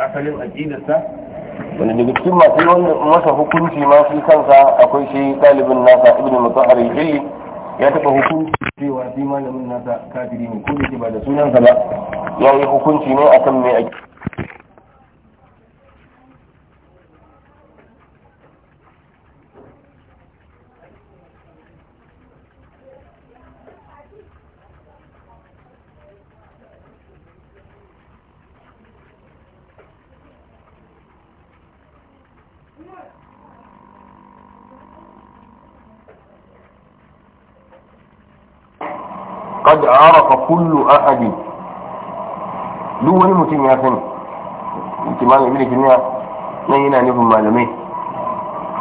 asalin aqidarsa wanda daga cikin masu wannan masa hukunci ma shi kansa akwai shi ɗalibin nasa ibn mutahar yi ya taɓa hukunci cewa shi malamin nasa kafiri ne ko da ba da sunansa ba ya yi hukunci ne akan mai qad arafa kullu ahadi duk wani mutum ya sani kimanin ibn ya nan yana nufin malamai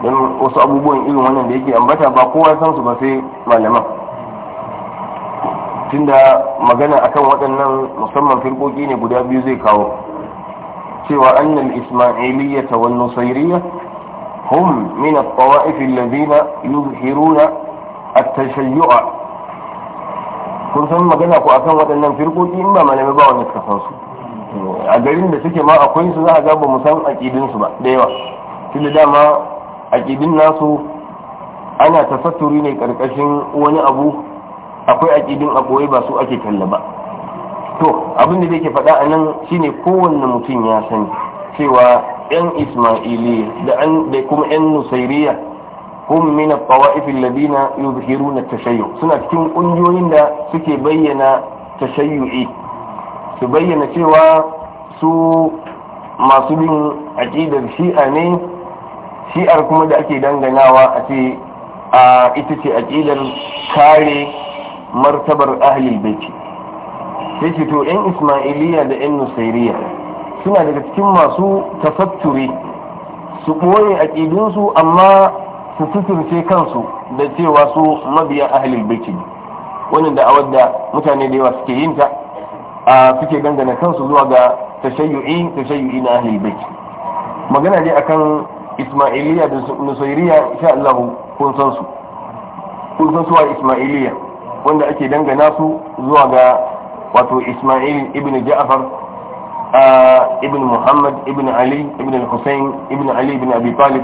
don wasu abubuwan irin wannan da yake ambata ba kowa san su ba sai malaman tunda magana akan waɗannan musamman firkoki ne guda biyu zai kawo cewa annal ismailiyya wal nusairiyya hum min at-ta'if alladhina yuzhiruna at kun san magana ko akan waɗannan firkoki in ba malamai ba wani suka san su eh, a garin da suke ma akwai su za a ga ba mu san aƙidinsu ba da yawa tun da dama aƙidin nasu ana tafatturi ne ƙarƙashin wani abu akwai aƙidin a ba su ake kalla ba to abin da zai faɗa a nan shine kowanne mutum ya sani cewa 'yan ismaili da kuma 'yan nusairiya hum min al tawaif alladhina yuzhiruna at-tashayyu suna cikin kungiyoyin da suke bayyana tashayyu'i su bayyana cewa su masu bin aqidar shi'a ne shi'ar kuma da ake danganawa a ce a ita ce aqidar kare martabar ahlul baiti sai ce to yan ismailiya da yan nusairiya suna daga cikin masu tafatturi su ɓoye aƙidunsu amma su sisirce kansu da cewa su mabiya ahlul baiti ne wannan da awadda mutane da yawa suke yin ta suke dangana kansu zuwa ga tashayyu'i tashayyu'i na ahlul baiti magana ne akan ismailiya da nusairiya sha Allah kun san su kun san su a ismailiya wanda ake dangana su zuwa ga wato ismail ibn ja'far ibn muhammad ibn ali ibn al-husayn ibn ali ibn abi talib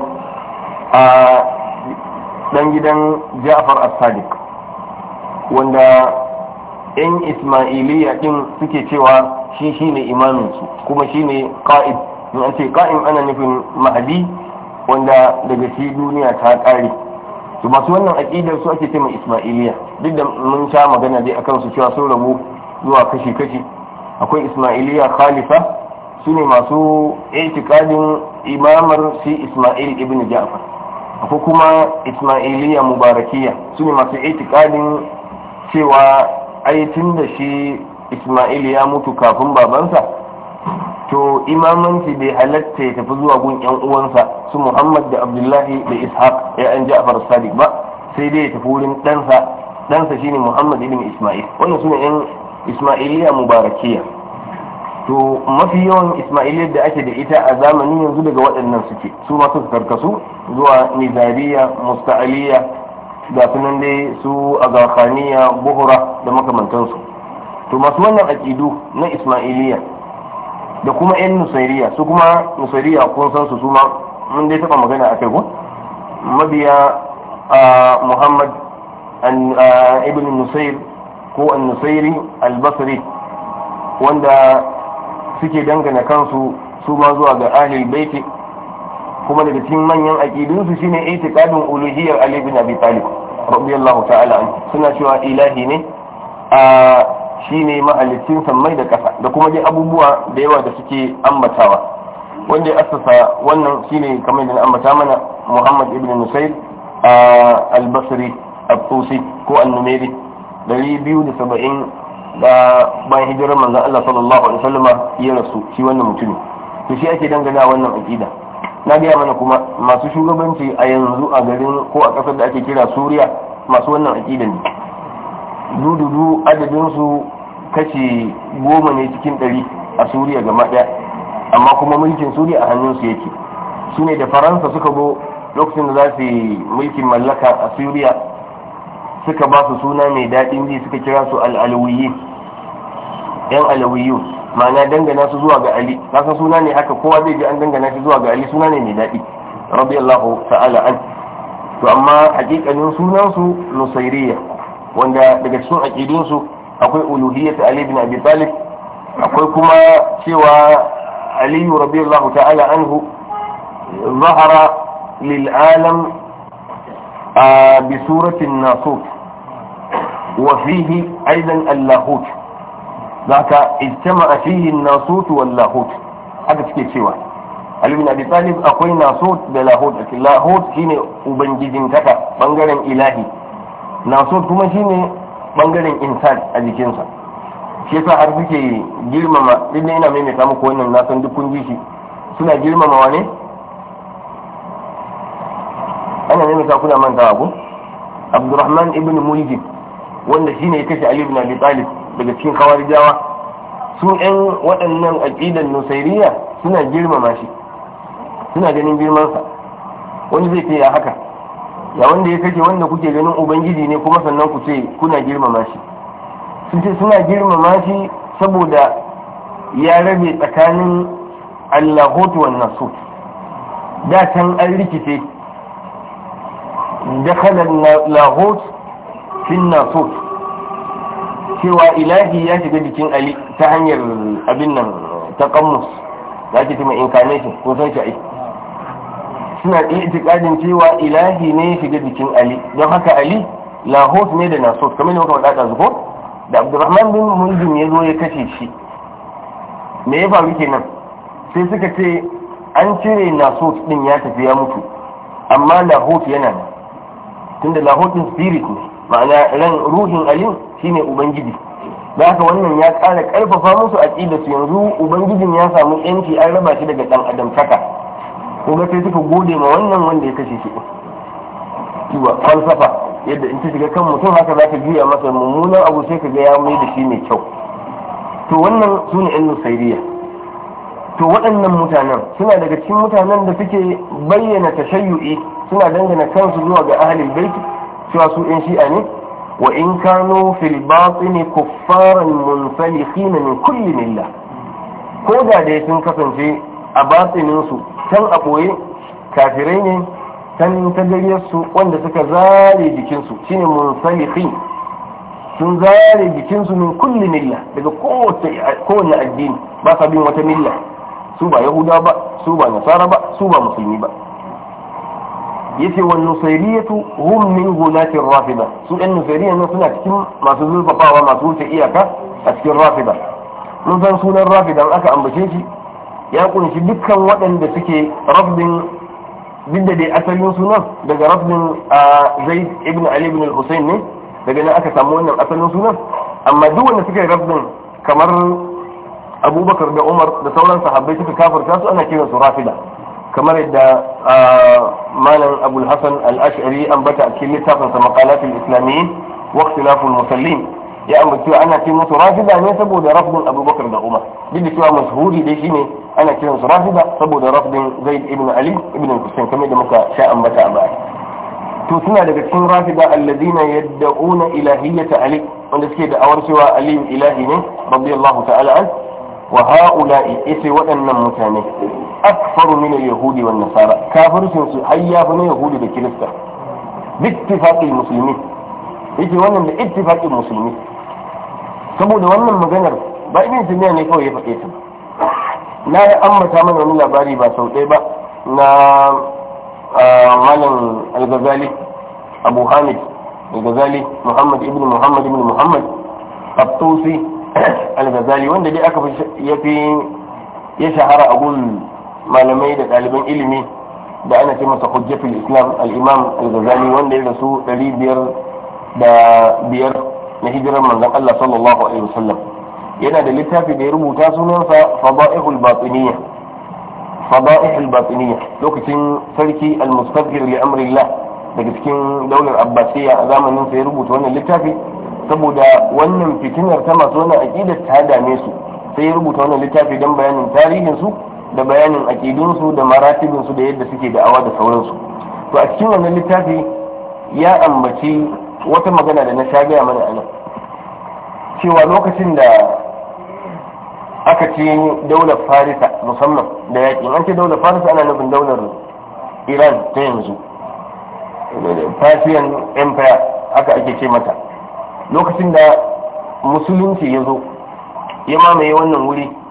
dan gidan ja'far as-sadiq wanda yan ismailiya din suke cewa shi shine imaminsu kuma shine qa'id in an ce qa'im ana nufin mahdi wanda daga shi duniya ta kare to masu wannan aqidar su ake cewa ismailiya duk da mun sha magana dai akan su cewa sun rabu zuwa kashi kashi akwai ismailiya khalifa su masu itikadin imamar si ismail ibn ja'far akwai kuma ismailiya mubarakiya su ne masu itikadin cewa aitin da shi ismail ya mutu kafin babansa to imamanci bai halatta ya tafi zuwa gun yan uwansa su muhammad da abdullahi da ishaq ya an ja'far sadiq ba sai dai ya tafi wurin ɗansa ɗansa shine muhammad ibn ismail wannan su ne yan ismailiya mubarakiya to mafi yawan ismailiyar da ake da ita a zamanin yanzu daga waɗannan suke su ma karkasu zuwa nizariya musta'aliya ga sunan dai su agakhaniya buhura da makamantansu to masu wannan aƙidu na isma'iliya da kuma 'yan nusairiya su kuma nusairiya kun san su ma mun dai taɓa magana a kai ko mabiya a muhammad ibn nusair ko an nusairi albasri wanda suke dangana kansu su ma zuwa ga ahli baiti kuma daga cikin manyan aqidun su shine itiqadun uluhiyyah Ali bin Abi Talib radiyallahu ta'ala anhu suna cewa ilahi ne a shine mahallicin samai da kasa da kuma dai abubuwa da yawa da suke ambatawa wanda ya assasa wannan shine kamar da ambata mana Muhammad ibn Nusayr al-Basri al-Tusi ko al-Numeri 270 bayan hijirar manzon Allah sallallahu alaihi wasallam ya rasu shi wannan mutum to shi ake dangana wannan aqida na gaya mana kuma masu shugabanci a yanzu a garin ko a kasar da ake kira Suriya masu wannan aqidan ne dududu adadin su kashi goma ne cikin ɗari a Suriya gaba ɗaya amma kuma mulkin Suriya a hannun su yake su da Faransa suka go lokacin da za su yi mulkin mallaka a Suriya suka ba su suna mai daɗin ji suka kira su al'alawiyin yan alawiyu ma'ana dangana su zuwa ga ali kasa suna ne haka kowa zai ji an dangana shi zuwa ga ali suna ne mai daɗi radiyallahu ta'ala an to amma hakikanin sunan su nusairiyya wanda daga cikin aqidun su akwai uluhiyyat ali ibn abi talib akwai kuma cewa ali radiyallahu ta'ala anhu ظهر للعالم بسورة الناصوت وفيه أيضا اللاهوت ذاك اجتمع فيه الناسوت واللاهوت haka suke cewa Ali bin Abi Talib akwai Nasut da Lahud Lahud shine ubangijin kaka bangaren ilahi Nasut kuma shine bangaren insan a jikinsa shi yasa har suke girmama din ina mai mai ko wannan nasan san duk kun ji shi suna girmama wane ana ne mai kuna manta ko? Abdurrahman ibn Muljib wanda shine ya kashe Ali ibn Abi daga cikin kawarijawa su ɗan waɗannan aƙidan nusairiya suna girmama shi suna ganin girmansa wani zai ce ya haka ya wanda ya kashe wanda kuke ganin ubangiji ne kuma sannan ku ce kuna girmama shi sun ce suna girmama shi saboda ya rabe tsakanin allahotu wannan su. da can an rikice dakalar lahot fin naso cewa ilahi ya shiga jikin ali ta hanyar abin nan ta kammus za ki tuma incarnation ko san shi suna itikadin cewa ilahi ne ya shiga jikin ali don haka ali lahos ne da naso kamar ne muka faɗa ɗazu ko da abdurrahman bin muljim ya zo ya kashe shi me ya faru kenan sai suka ce an cire naso din ya tafi ya mutu amma lahot yana nan tunda lahot din spirit ne ma'ana ran ruhin alim shine ubangiji da haka wannan ya kara karfafa musu aqida su yanzu ubangijin ya samu yanci an raba shi daga ɗan adam saka kuma sai suka gode ma wannan wanda ya kashe shi kiwa falsafa yadda in ta shiga kan mutum haka za ka juya masa mummunan abu sai ka ga ya mai da shi mai kyau to wannan su ne yan sairiya to waɗannan mutanen suna daga cikin mutanen da suke bayyana tashayyu'i suna dangana kansu zuwa ga ahalin baiti cewa su in shi'a ne wa in kano fil batini kuffaran kina ne kulli milla ko da dai sun kasance a batsininsu su can a ɓoye kafirai ne can ta su wanda suka zare jikinsu shine munfalikhin sun zare jikinsu ne kulli milla daga kowane addini ba sa bin wata milla su ba yahuda ba su ba nasara ba su ba musulmi ba yace wan nusairiyatu hum min hunati rafida su ɗan nusairiya ne suna cikin masu zurfafawa masu wuce iyaka a cikin rafida mun san sunan rafida aka ambace shi ya kunshi dukkan waɗanda suke rafdin duk dai asalin sunan daga rafdin zaid ibn ali ibn al ne daga nan aka samu wannan asalin sunan amma duk wanda suke rafdin kamar abubakar da umar da sauran sahabbai suka kafirta su ana kiransu rafida kamar yadda malam abul hasan al-ash'ari ambata a cikin littafin sa maqalatul islamiyyin wa ikhtilaful musallin ya ambaci ana ce musu rafida ne saboda rafdin abubakar da umar duk da cewa mashhuri dai shine ana kiran su rafida saboda rafdin zaid ibn ali ibn husayn kamar da muka sha ambata a baya to suna daga cikin rafida alladina yad'una ilahiyyata ali wanda suke da awar cewa ali ilahi ne radiyallahu ta'ala an wa ha'ula'i ise waɗannan mutane akfaru min al-yahudi wan nasara kafircin su har ya na yahudi da kirista bi ittifaqil muslimin yake wannan da ittifaqil musulmi saboda wannan maganar ba ibn tumiya ne kawai ya faɗe ta na ya ambata mana wani labari ba sau ɗaya ba na malam al-ghazali abu hamid algazali muhammad ibn muhammad ibn muhammad abtusi al wanda dai aka fi ya shahara a gun malamai da ɗaliban ilimi da ana ce masa hujjatul islam al-imam al-ghazali wanda ya rasu ɗari biyar da biyar na hijirar manzon Allah sallallahu alaihi wasallam yana da littafi da ya rubuta sunansa fada'ihul batiniyya fada'ihul lokacin sarki al-mustadhir li amrillah daga cikin daular abbasiya a zamanin sa ya rubuta wannan littafi saboda wannan fitinar ta masu wannan aqidar ta dame su sai ya rubuta wannan littafi don bayanin tarihin su da bayanin aƙidunsu da maratibinsu da yadda suke da'awa da sauransu to a cikin wannan littafi ya ambaci wata magana da na sha gaya mana a nan cewa lokacin da aka ce daular farisa musamman da yaƙi an ce daular farisa ana nufin daular iran ta yanzu persian empire aka ake ce mata lokacin da musulunci ya zo ya mamaye wannan wuri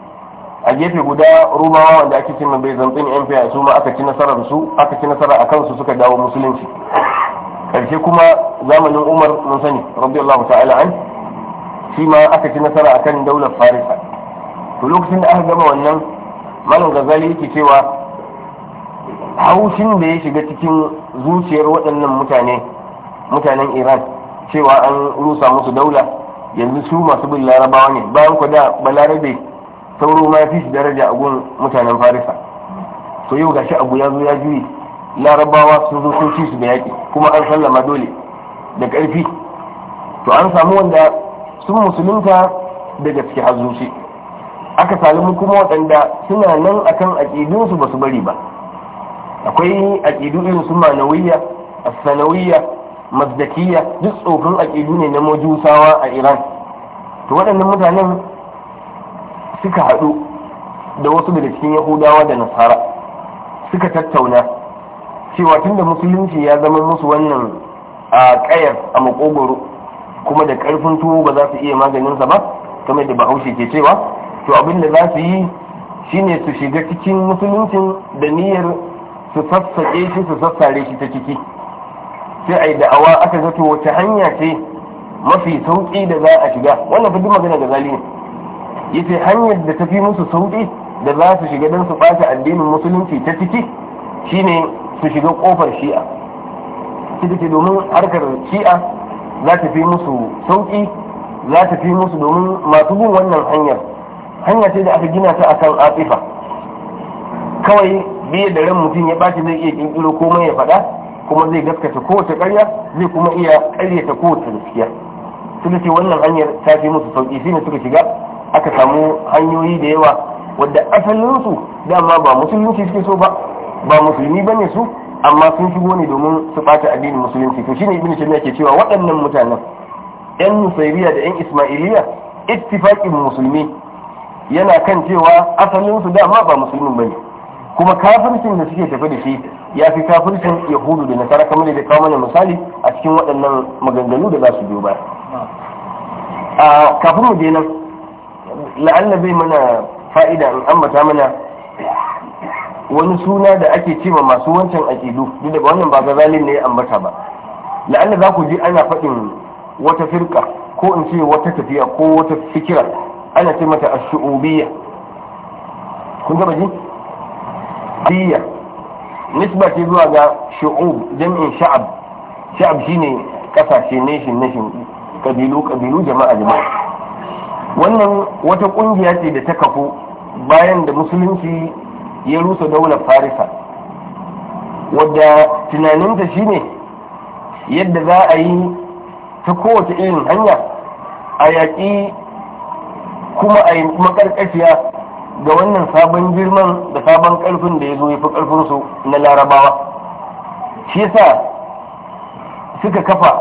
a gefe guda rumawa wanda ake cin bai zantsin yan fiya su ma aka ci nasarar su aka ci nasara a kansu suka dawo musulunci karshe kuma zamanin umar mun sani radiyallahu ta'ala an shi ma aka ci nasara akan daular farisa to lokacin da aka gama wannan malam gazali yake cewa haushin da ya shiga cikin zuciyar waɗannan mutane mutanen iran cewa an rusa musu daula yanzu su masu bin larabawa ne bayan ku da balarabe sauro ma fi shi daraja a gun mutanen farisa to yau gashi abu ya zo ya juyi larabawa sun zo sun su da yaƙi kuma an sallama dole da ƙarfi to an samu wanda sun musulunta daga ciki hazuci aka sami kuma waɗanda suna nan akan aƙidunsu ba su bari ba akwai aƙidu irin su manawiyya asanawiyya masdakiya duk tsofin aƙidu ne na majusawa a iran to waɗannan mutanen suka haɗu da wasu daga cikin yahudawa da nasara suka tattauna cewa tunda musulunci ya zama musu wannan a ƙayar a makogoro kuma da ƙarfin tuwo ba za su iya maganin sa ba kamar da bahaushe ke cewa to abin da za su yi shine su shiga cikin musuluncin da niyyar su sassaƙe shi su sassare shi ta ciki sai a yi da'awa aka zato wata hanya ce mafi sauƙi da za a shiga wannan fi magana da zalimi yace hanyar da ta fi musu sauki da za su shiga don su ɓata addinin musulunci ta ciki shine su shiga kofar shi'a ita ce domin harkar shi'a za ta fi musu sauƙi za ta fi musu domin masu bin wannan hanyar hanya ce da aka gina ta akan atifa kawai biyar da ran mutum ya baci zai iya ƙirƙiro komai ya faɗa kuma zai gaskata kowace ƙarya zai kuma iya ƙaryata kowace gaskiya suka ce wannan hanyar ta fi musu sauƙi shine suka shiga aka samu hanyoyi da yawa wadda asalinsu dama ba musulunci suke so ba ba musulmi ba ne su amma sun shigo ne domin su ɓata addinin musulunci to shine ibn shamiya ke cewa waɗannan mutanen yan nusairiya da yan ismailiya ittifaqin musulmi yana kan cewa asalinsu dama ba musulmin ba kuma kafircin da suke tafi da shi ya fi kafircin yahudu da nasara kamar da kawo mana misali a cikin waɗannan maganganu da za su biyo ba a kafin mu je nan la'allabi zai mana fa'ida in ambata mana wani suna da ake ce cewa masu wancan aƙidu duk daga wannan ba gazalin ne ya ambata ba la'alla za ku ji ana faɗin wata firka ko in ce wata tafiya ko wata fikira ana ce mata ashu'ubiyya kun gaba ji biya nisba ce zuwa ga shu'ub jami'in sha'ab sha'ab shine kasashe nation nation kabilu kabilu jama'a jama'a wannan wata ƙungiya ce da ta kafu bayan da musulunci ya rusa daular farisa wadda tunaninta shine yadda za a yi ta kowace irin hanya a yaƙi kuma a yi makarƙashiya ga wannan sabon girman da sabon ƙarfin da ya zo ya fi ƙarfinsu na larabawa shi yasa suka kafa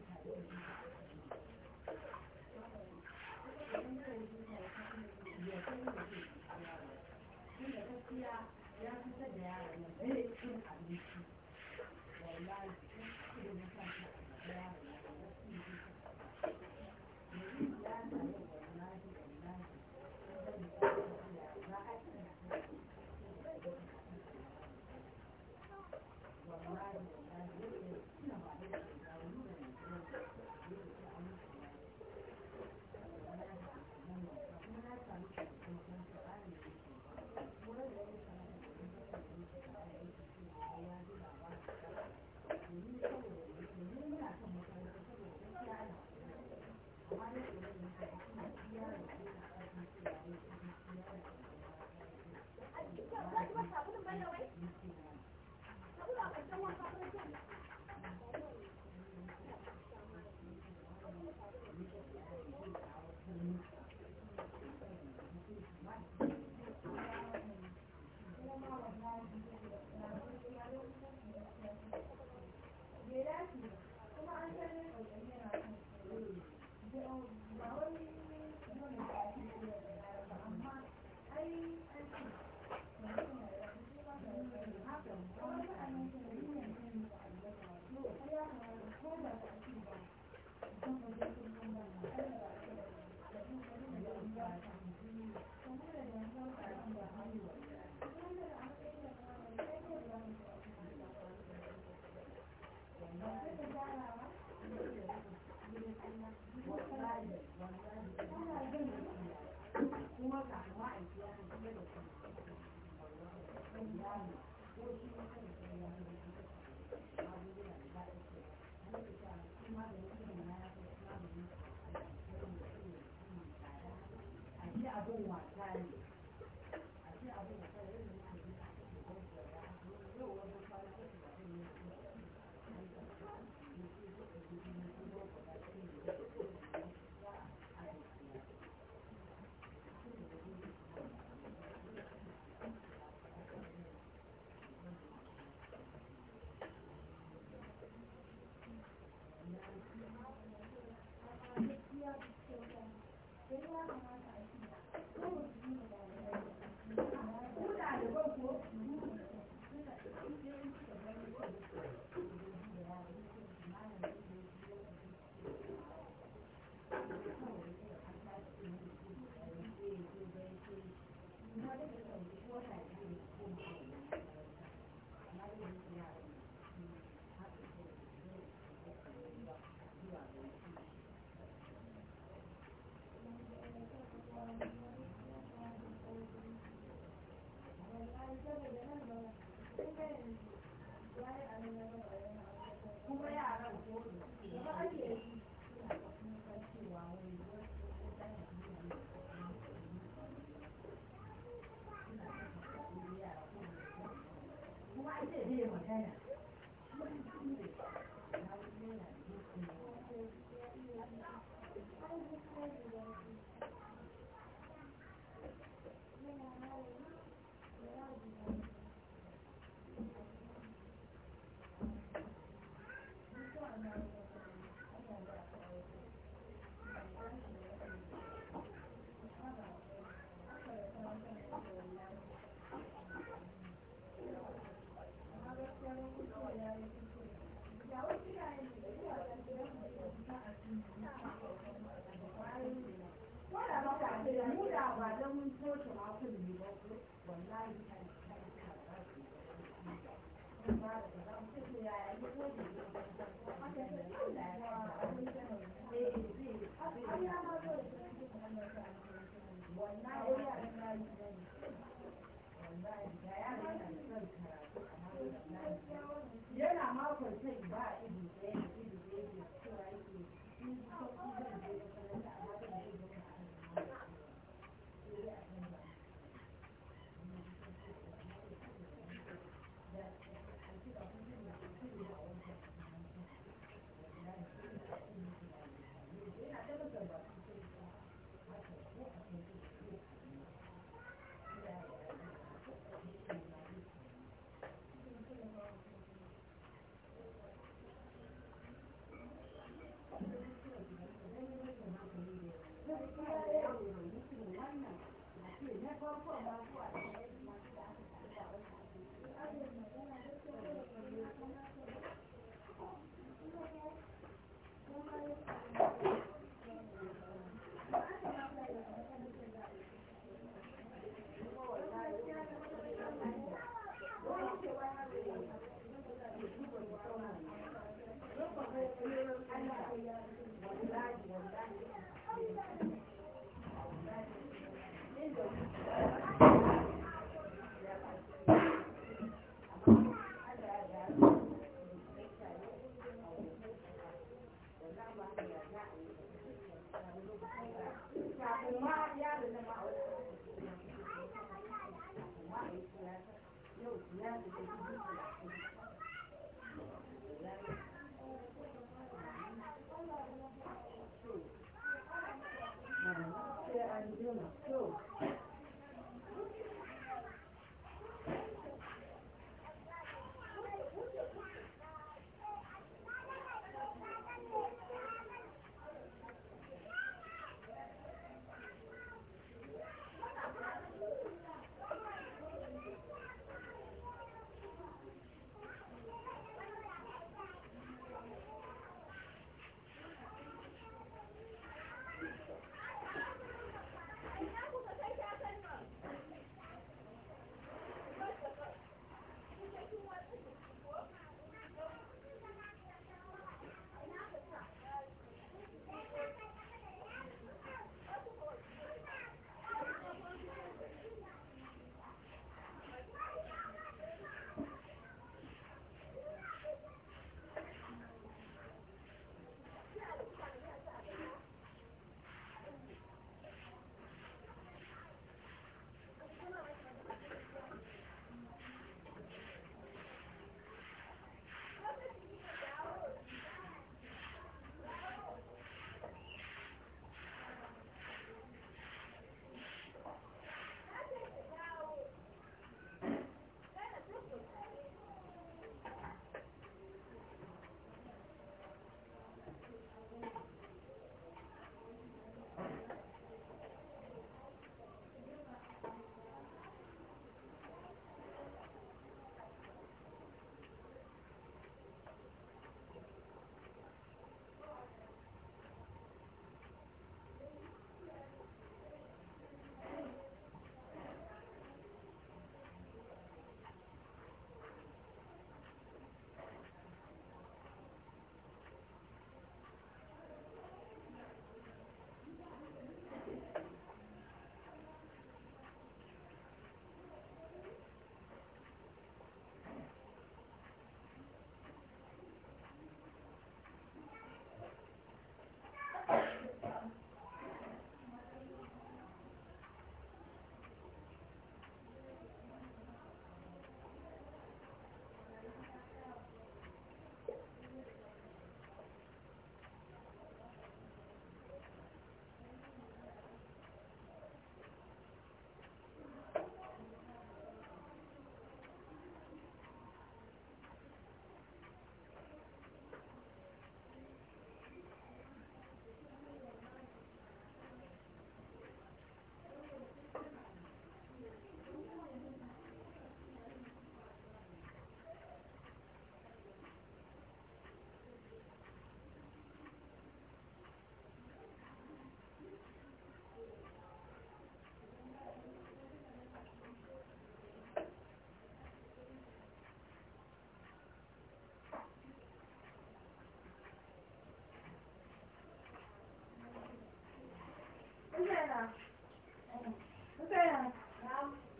yana makon sai ba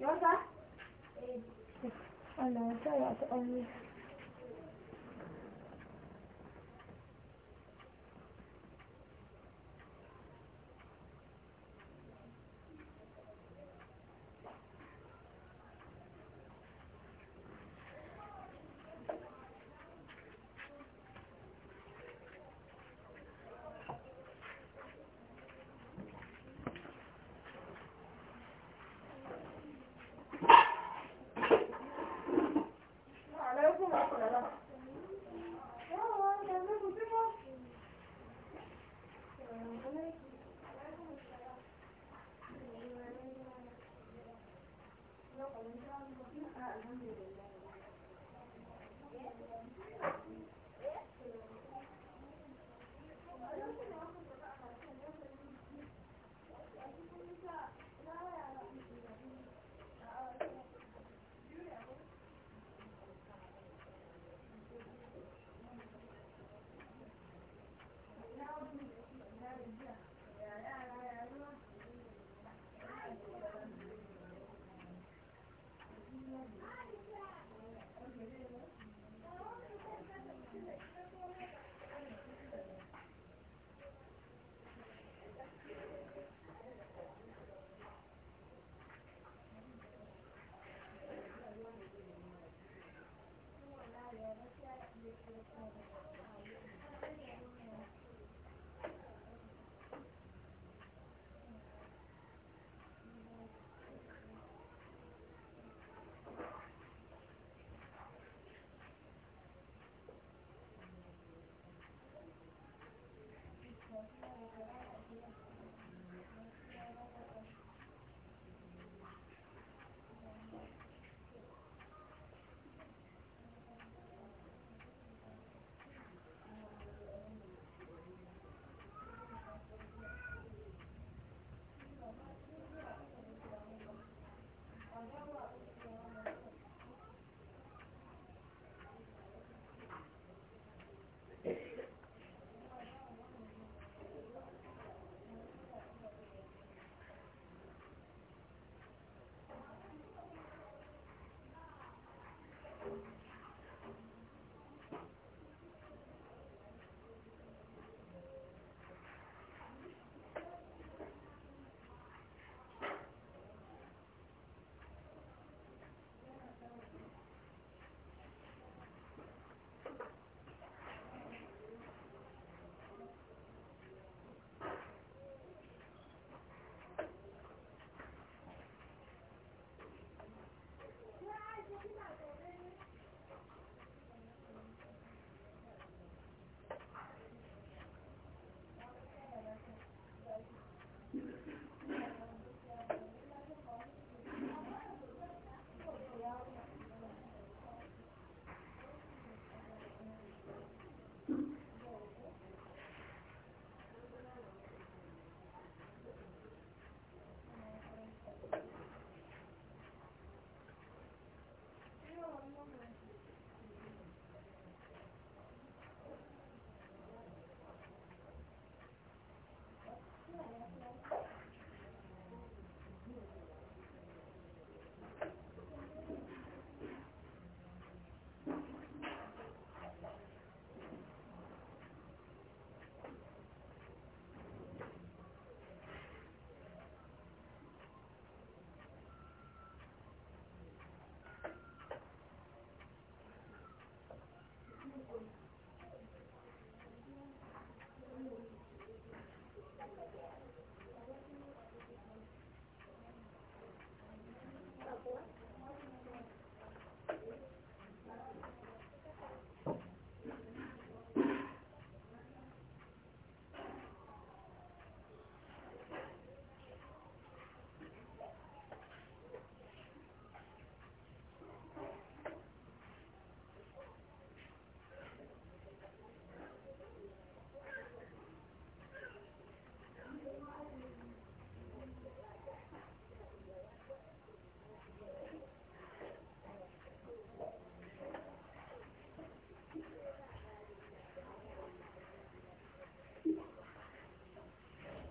Allah ya sa ta aure.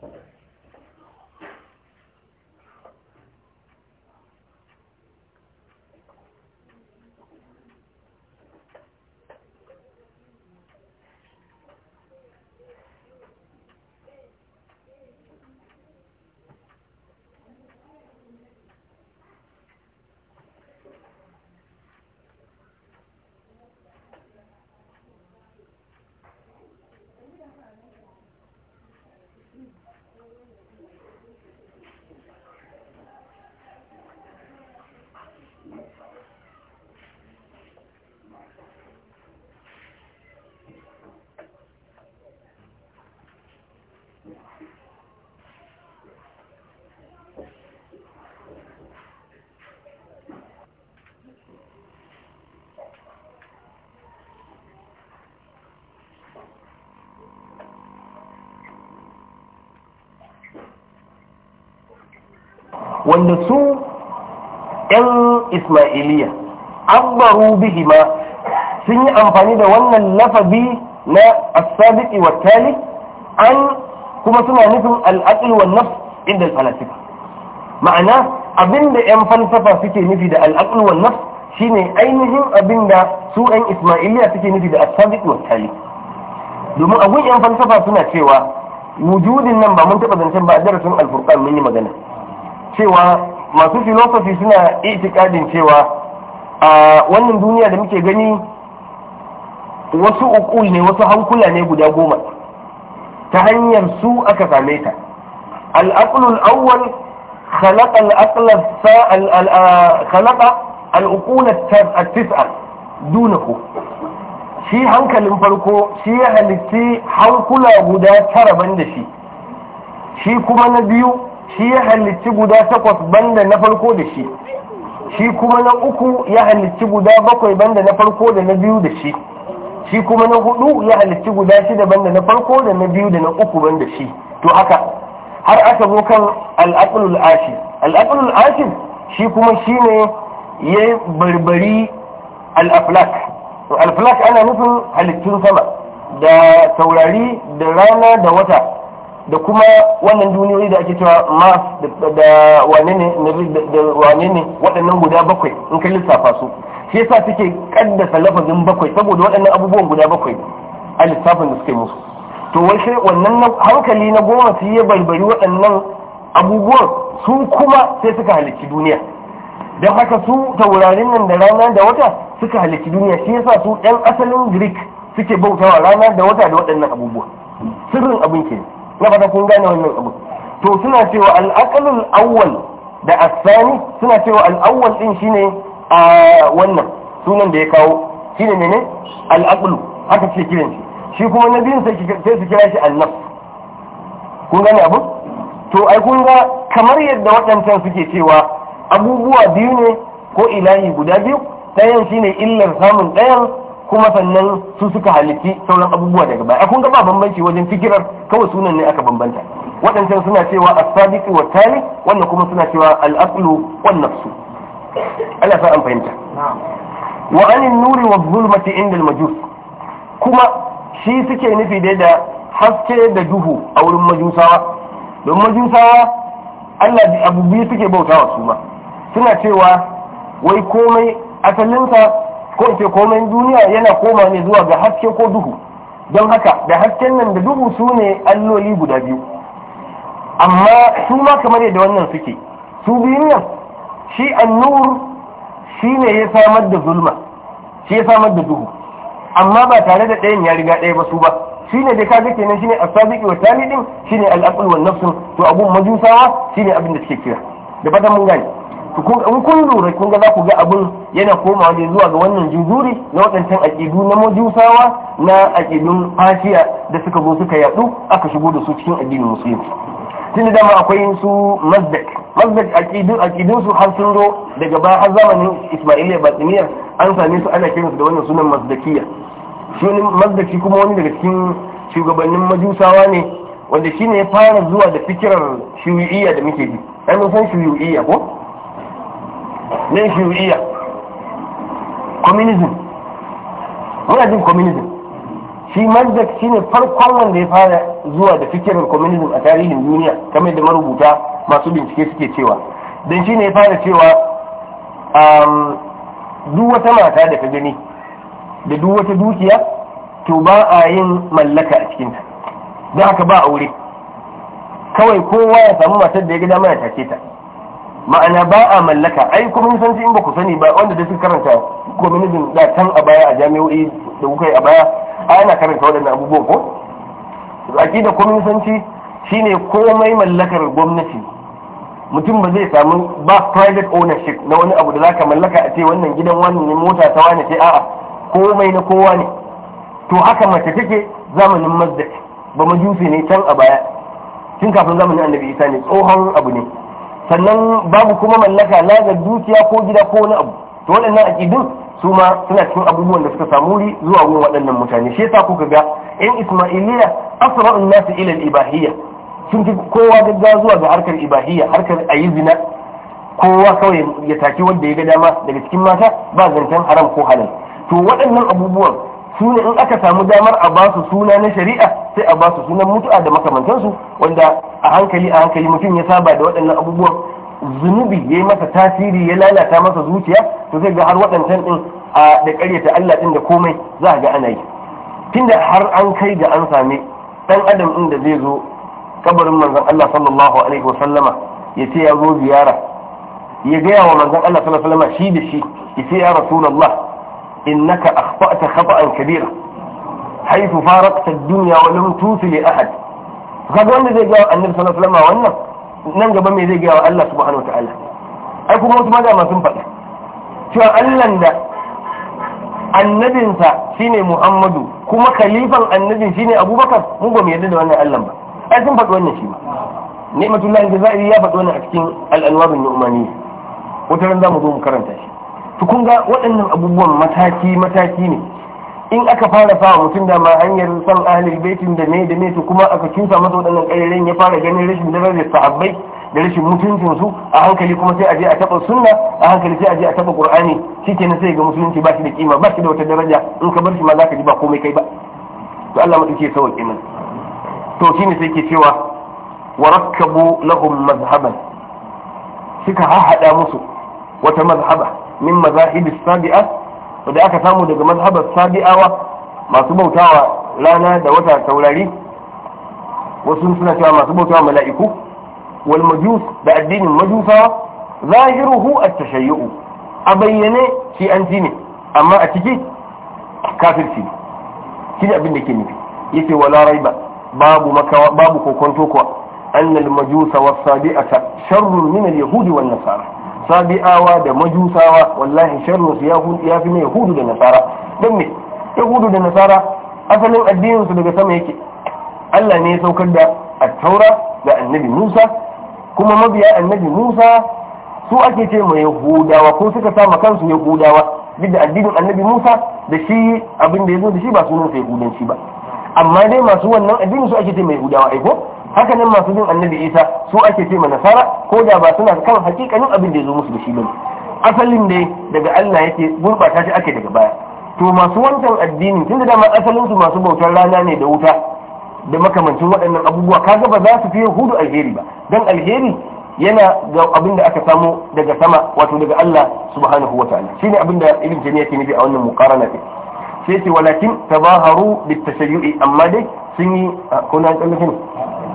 Amen. wanda su ‘yan Ismailiya abbaru bihi ma sun yi amfani da wannan lafabi na asabiki wa tali an kuma suna nufin al'aqil wa nafs inda falasifa ma'ana abinda ‘yan falsafa suke nufi da al'aqil wa shi ne ainihin abinda su ‘yan Ismailiya suke nufi da asabiki wa tali domin abun ‘yan falsafa suna cewa wujudin nan ba mun taɓa zancen ba a darasin alfurkan mun yi magana cewa masu filosofi suna itikadin cewa a wannan duniya da muke gani wasu ukul ne wasu hankula ne guda goma ta hanyar su aka same ta al'aqlul awwal khalaqa al'aqla khalaqa al'uqul at-tis'a dunahu shi hankalin farko shi ya halitti hankula guda tara ban da shi shi kuma na biyu shi ya halicci guda takwas banda na farko da shi shi kuma na uku ya halicci guda bakwai banda na farko da na biyu da shi shi kuma na hudu ya halicci guda shida banda na farko da na biyu da na uku banda shi to haka har aka zo kan al'aqlul ashi al'aqlul ashi shi kuma shine ya barbari al'aflak al'aflak ana nufin halittun sama da taurari da rana da wata da kuma wannan duniyoyi da ake cewa mars da wane ne waɗannan guda bakwai in ka lissafa su shi yasa suke kaddasa lafazin bakwai saboda waɗannan abubuwan guda bakwai a lissafin da suke musu to wai wannan hankali na goma su ya barbari waɗannan abubuwan su kuma sai suka halicci duniya don haka su taurarin nan da rana da wata suka halicci duniya shi yasa su ɗan asalin greek suke bautawa rana da wata da waɗannan abubuwa sirrin abin kenan na fata kun gane wannan abu to suna cewa al'aqalul awwal da asani suna cewa al'awwal din shine a wannan sunan da ya kawo shine ne ne al'aqlu haka ce kiran shi shi kuma na biyun sai su kira shi annaf kun gane abu to ai kun ga kamar yadda waɗancan suke cewa abubuwa biyu ne ko ilahi guda biyu ɗayan shine illar samun ɗayan kuma sannan su suka halitti sauran abubuwa daga baya kun ga ba bambanci wajen fikirar kawai sunan ne aka bambanta waɗancan suna cewa as wa tali wannan kuma suna cewa al-aqlu nafsu Allah sa an fahimta wa anin nuri wa zulmati inda al-majus kuma shi suke nufi dai da haske da duhu a wurin majusawa don majusawa Allah bi abu suke bautawa su ma suna cewa wai komai asalinsa ko ce komai duniya yana koma ne zuwa ga haske ko duhu don haka da hasken nan da duhu su ne alloli guda biyu amma su ma kamar yadda wannan suke su biyun nan shi annur shi ne ya samar da zulma shi ya samar da duhu amma ba tare da ɗayan ya riga ɗaya ba su ba shi ne da kaga kenan shi ne asabiqi wa talidin shi ne al'aql wa nafsun to abun majusawa shi ne abin da suke kira da fatan mun gane in kun lura kun ga za ku ga abin yana komawa ne zuwa ga wannan juzuri na waɗancan aƙidu na majusawa na aƙidun asiya da suka zo suka yaɗu aka shigo da su cikin addinin musulunci tun da dama akwai su mazdak mazdak aƙidun aƙidun su har sun zo daga baya har zamanin isma'ila batsiniyar an same su ana kiransu da wannan sunan mazdakiya shi mazdaki kuma wani daga cikin shugabannin majusawa ne wanda shine ya fara zuwa da fikirar shuyu'iyya da muke bi ɗan san shuyu'iyya ko na shuriya communism muna jin communism shi mandak shi ne farkon wanda ya fara zuwa da fikirin communism a tarihin duniya kamar da marubuta masu bincike suke cewa don shi ne ya fara cewa um, duk wata mata da ka gani da duk wata dukiya to ba a yin mallaka a cikinta don haka ba aure kawai kowa ya samu matar da ya gida mana take ta ma'ana ba a mallaka ai kwaminisanci in ba ku sani ba wanda da suka karanta communism da can a baya a jami'o'i da kuka yi a baya ana karanta waɗannan abubuwan ko zaki da kwaminisanci shine komai mallakar gwamnati mutum ba zai samu ba private ownership na wani abu da zaka mallaka a ce wannan gidan wani ne mota ta wani ce a'a komai na kowa ne to haka mace take zamanin mazda ba majusi ne can a baya tun kafin zamanin annabi isa ne tsohon abu ne sannan babu kuma mallaka na ga dukiya ko gida ko wani abu to waɗannan aƙidun su ma suna cikin abubuwan da suka samu wuri zuwa wurin waɗannan mutane shi yasa kuka ga in isma'iliya asra'un nasu ila ibahiyya sun fi kowa gaggawa zuwa ga harkar ibahiyya harkar ayi zina kowa kawai ya taki wanda ya ga dama daga cikin mata ba zancen haram ko halal to waɗannan abubuwan su ne in aka samu damar a ba su suna na shari'a sai a ba su sunan mutu'a da makamantansu wanda a hankali a hankali mutum ya saba da waɗannan abubuwan zunubi ya yi masa tasiri ya lalata masa zuciya to zai ga har waɗancan ɗin a da ƙaryata Allah ɗin da komai za a ga ana yi tunda har an kai da an same ɗan adam ɗin da zai zo kabarin manzon Allah sallallahu alaihi wa sallama ya ce ya zo ziyara ya gaya wa manzon Allah sallallahu alaihi wa sallama shi da shi ya ce ya rasulullah إنك أخطأت خطأ كبيرا حيث فارقت الدنيا ولم توصي لأحد kaga wanda zai gawa annabi sallallahu alaihi wasallam wannan nan gaban me zai gawa Allah subhanahu wataala ai kuma wasu magana sun faɗa cewa Allah da annabinsa shine Muhammadu kuma khalifan annabin shine Abubakar mu ba mu yarda wannan Allah ba ai sun faɗi wannan shi ma ni'matullahi jazairi ya faɗi wannan a cikin al wata zamu zo mu karanta shi to kun ga waɗannan abubuwan mataki mataki ne in aka fara fara mutum da ma hanyar san ahlul baitin da ne da ne to kuma aka cusa masa waɗannan ƙayyaren ya fara ganin rashin darajar abai da rashin mutuncin su a hankali kuma sai a je a taɓa sunna a hankali sai a je a shi ke sai ga musulunci ba shi da kima ba shi da wata daraja in ka bar shi ma za ka ji ba komai kai ba to Allah madauki ya sawa kenan to ne sai ke cewa wa rakkabu lahum mazhaban suka haɗa musu wata mazhaba min mazahibis sabi'a da aka samu daga mazhabar sabi'awa masu bautawa rana da wata taurari wasu suna cewa masu bautawa mala'iku wal majus da addinin majusawa zahiruhu at-tashayyu a bayyane shi an ne amma a ciki kafirci shi ne abin da ke nufi yace wala raiba babu makawa babu kokonto kuwa annal majusa was sabi'ata sharrun min al-yahudi wan nasara sabi'awa da majusawa wallahi sharru su ya fi mai yahudu da nasara don me yahudu da nasara asalin addinin su daga sama yake Allah ne ya saukar da at-taura da annabi Musa kuma mabiya annabi Musa su ake ce mai yahudawa ko suka sama kansu yahudawa duk da addinin annabi Musa da shi abin da ya zo da shi ba sunan sai yahudanci ba amma dai masu wannan addinin su ake ce mai yahudawa ai ko haka nan masu bin annabi isa su ake ce nasara ko da ba suna kan hakikanin abin da ya zo musu da shi bane asalin ne daga Allah yake gurbata shi ake daga baya to masu wancan addini tunda dama asalin su masu bautar rana ne da wuta da makamancin waɗannan abubuwa kaga ba za su fi hudu alheri ba dan alheri yana ga abin da aka samu daga sama wato daga Allah subhanahu wa ta'ala shine abin da ibn jami'a ke nufi a wannan muqarana ce sai ce walakin tabaharu bit tashayyu'i amma dai sun yi ah, kuna kallon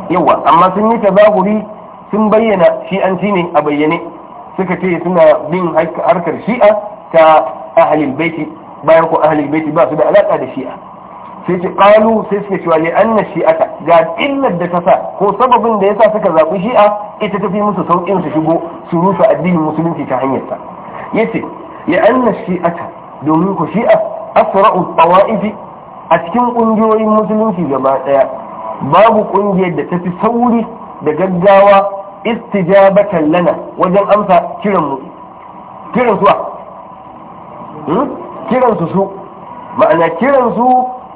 yawa amma sun yi tazahuri sun bayyana shi'anci ne a bayyane suka ce suna bin harkar shi'a ta ahalil baiti bayan ko ahalil baiti ba su da alaka da shi'a sai ce ƙalu sai suka cewa an anna shi'ata ga illar da ta sa ko sababin da ya sa suka zaɓi shi'a ita ta fi musu sauƙin su shigo su rufe addinin musulunci ta hanyar ta yace an anna shi'ata domin ku shi'a asra'u tawaifi a cikin ƙungiyoyin musulunci gaba ɗaya babu kungiyar da ta fi sauri da gaggawa istijabatan lana wajen amsa kiran mu kiran su hmm? kiran su su ma'ana kiran su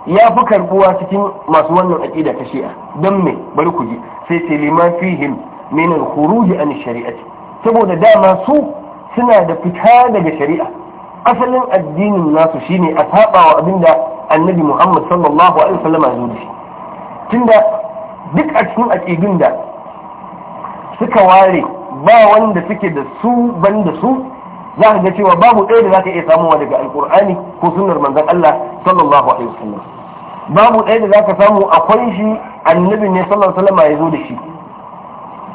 ya fi karbuwa cikin masu wannan aƙida ta shi'a don me bari ku ji sai ce liman fihim min al-khuruj an shari'ati saboda dama su suna da fita daga shari'a asalin addinin nasu shine a saba wa abinda annabi Muhammad sallallahu alaihi wasallam ya yi tunda duk a cikin aƙidun da suka ware ba wanda suke da su ban da su za ka ga cewa babu ɗaya da za ka iya samuwa daga alƙur'ani ko sunar manzan Allah sallallahu alaihi wasallam babu ɗaya da za ka samu akwai shi annabi ne sallallahu alaihi wasallam ya zo da shi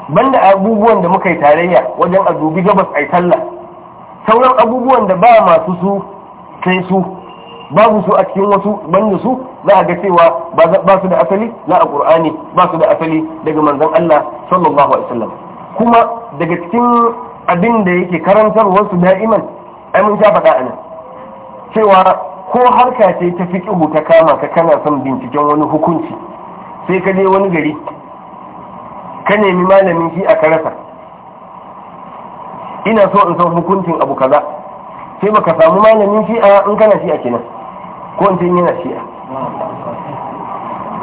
banda abubuwan da muka yi tarayya wajen a dubi gabas a sallah sauran abubuwan da ba masu su sai su babu su a cikin wasu banda su za a ga cewa ba su da asali na alqur'ani ba su da asali daga manzon Allah sallallahu alaihi wasallam kuma daga cikin abin da yake karantar wasu da'iman ai mun sha faɗa anan cewa ko harka ce ta ihu ta kama ka kana son binciken wani hukunci sai ka je wani gari ka nemi malamin shi a karasa ina so in san hukuncin abu kaza sai baka samu malamin shi a in kana shi a kenan ko in yana shi'a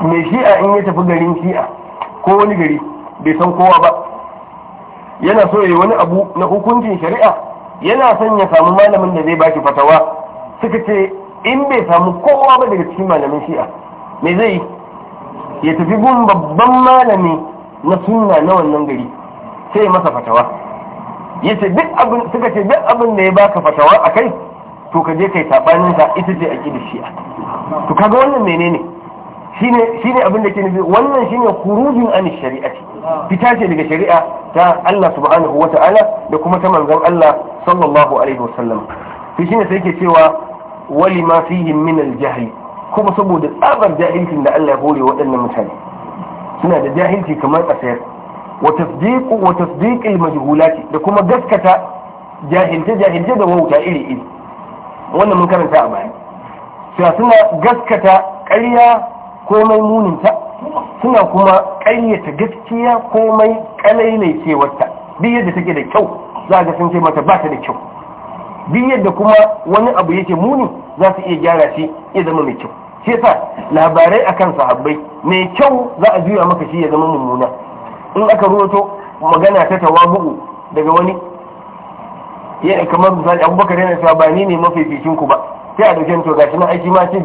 mai shi'a in ya tafi garin shi'a ko wani gari bai san kowa ba yana so ya wani abu na hukuncin shari'a yana son ya samu malamin da zai baki fatawa suka ce in bai samu kowa ba daga cikin malamin shi'a me zai ya tafi gun babban malami na sunna na wannan gari sai masa fatawa ya duk abin suka ce duk abin da ya baka fatawa a kai to ka je kai sabanin sa ita ce aqida shi'a to kaga wannan menene shine shine abin da ke nufi wannan shine khurujin an shari'ati fita ce daga shari'a ta Allah subhanahu wata'ala da kuma ta manzan Allah sallallahu alaihi wasallam to shine sai ke cewa wali ma fihim min al-jahl kuma saboda tsabar jahilcin da Allah ya hore waɗannan mutane suna da jahilci kamar asayar wa tasdiqu wa al majhulati da kuma gaskata jahilce jahilce da wauta iri iri wannan mun karanta a baya cewa suna gaskata ƙarya komai muninta suna kuma ƙaryata gaskiya komai ƙalailaicewarta Bi yadda take da kyau za ga sun ce mata ba ta da kyau Bi yadda kuma wani abu yake muni za su iya gyara shi ya zama mai kyau shi yasa labarai akan sahabbai mai kyau za a juya maka shi ya zama mummuna in aka ruwato magana ta tawabu'u daga wani ya kamar misali abubakar yana cewa ba ni ne mafificin ku ba sai a dauke to gashi na aiki ma ce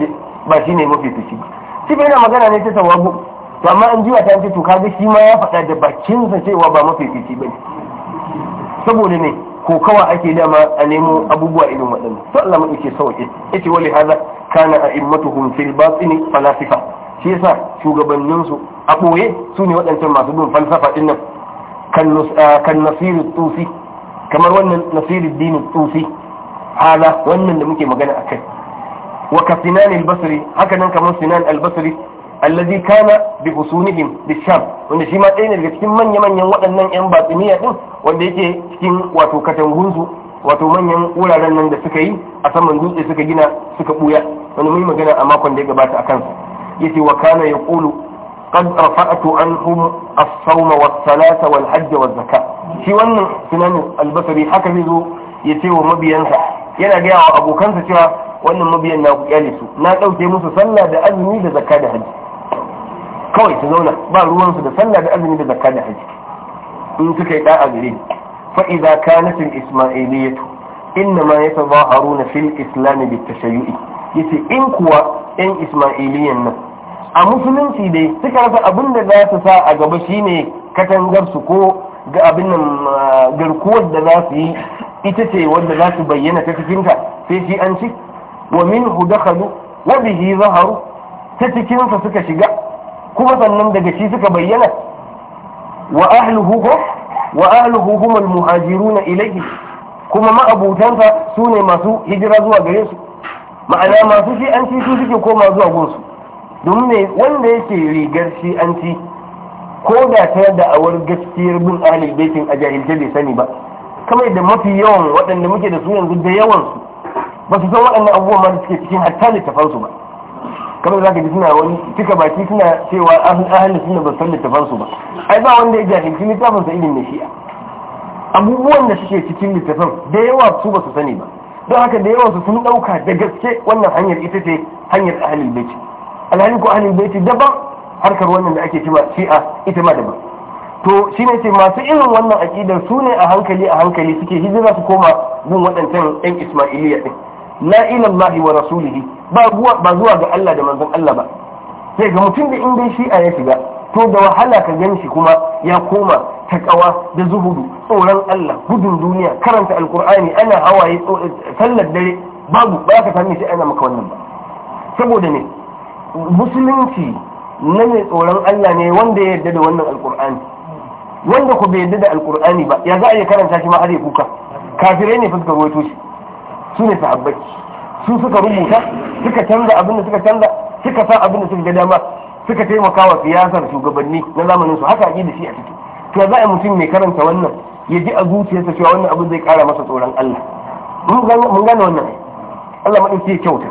ba shi ne mafifici ba shi bai yana magana ne ta tawabu to amma an jiwa ta ce to kaga shi ma ya faɗa da bakinsa cewa ba mafifici ba saboda ne ko kawa ake dama a nemo abubuwa irin waɗannan to Allah mai yake sauke yace wali hada kana a'immatuhum fil batini falasifa shi yasa shugabanninsu a boye su ne waɗancan masu bin falsafa ɗin nan kan ah, nasiru tusi kamar wannan dinin tsufi hala wannan da muke magana a kai wa ka sinan haka nan kamar sinan al-basri allazi kana bi usunihim bi sham wanda shi ma ɗaya ne daga cikin manya manyan waɗannan yan batsiniya din wanda yake cikin wato katangunsu wato manyan wuraren nan da suka yi a saman dutse suka gina suka buya wani mai magana a makon da ya gabata a kansa yace wa kana yaqulu qad rafa'tu anhum as-sawma was-salata wal-hajj waz-zakat shi wannan sunan albasari basri haka zo ya ce wa mabiyansa yana ga wa abokansa cewa wannan mabiyan na kyale su na dauke musu sallah da azumi da zakka da haji kawai su zauna ba ruwansu da sallah da azumi da zakka da haji in suka yi da'a gare ni fa idza kanat al-isma'iliyyah innama yatazaharuna fil islam bit-tashayyu' yace in kuwa yan isma'iliyan nan a musulunci dai suka rasa abin da za su sa a gaba shine katangar su ko ga abin nan garkuwar da za su yi ita ce wanda za su bayyana ta cikinta sai shi an ci wa min hudakhalu wa bihi zaharu ta cikinsa suka shiga kuma sannan daga shi suka bayyana wa ahluhu ko wa ahluhu hum na ilayhi kuma ma'abutansa su ne masu hijira zuwa gare su ma'ana masu shi an ci su suke koma zuwa gunsu domin wanda yake rigar shi an ci ko da ta a awar gaskiyar bin ahlul baitin a jahilce bai sani ba kuma da mafi yawan waɗanda muke da su yanzu da yawan su ba su san waɗannan abubuwan ma da suke cikin hatta littafan su ba kamar za ka ji suna wani cika baki suna cewa ahlul suna ba san littafan su ba ai ba wanda ya jahilci littafin sa ilimin shi'a abubuwan da suke cikin littafin da yawa su ba su sani ba don haka da yawan su sun ɗauka da gaske wannan hanyar ita ce hanyar ahlul baitin alhali ko ahlul baiti daban harkar wannan da ake cewa shi'a ita ma daban to shi ne ce masu irin wannan aƙidar su ne a hankali a hankali suke hijira su koma bin waɗancan 'yan ismailiyya ɗin la ilallahi wa rasulihi ba zuwa ga Allah da manzon Allah ba sai ga mutum da in dai shi'a ya shiga to da wahala ka gan shi kuma ya koma ta kawa da zuhudu tsoron Allah gudun duniya karanta alkur'ani ana hawaye eh, sallar dare babu ba ka sami shi ana maka wannan ba saboda ne musulunci na mai tsoron Allah ne wanda ya yarda da wannan alkur'ani wanda ku bai yarda da alkur'ani ba ya za a iya karanta shi ma har ya kuka kafirai ne suka rubuta shi su ne sahabbai su suka rubuta suka canza abin da suka canza suka sa abin da suka ga dama suka taimaka wa siyasar shugabanni na zamanin su haka a da shi a ciki to za a yi mutum mai karanta wannan ya ji a zuciyarsa cewa wannan abin zai kara masa tsoron Allah mun gane wannan Allah madauki ya kyauta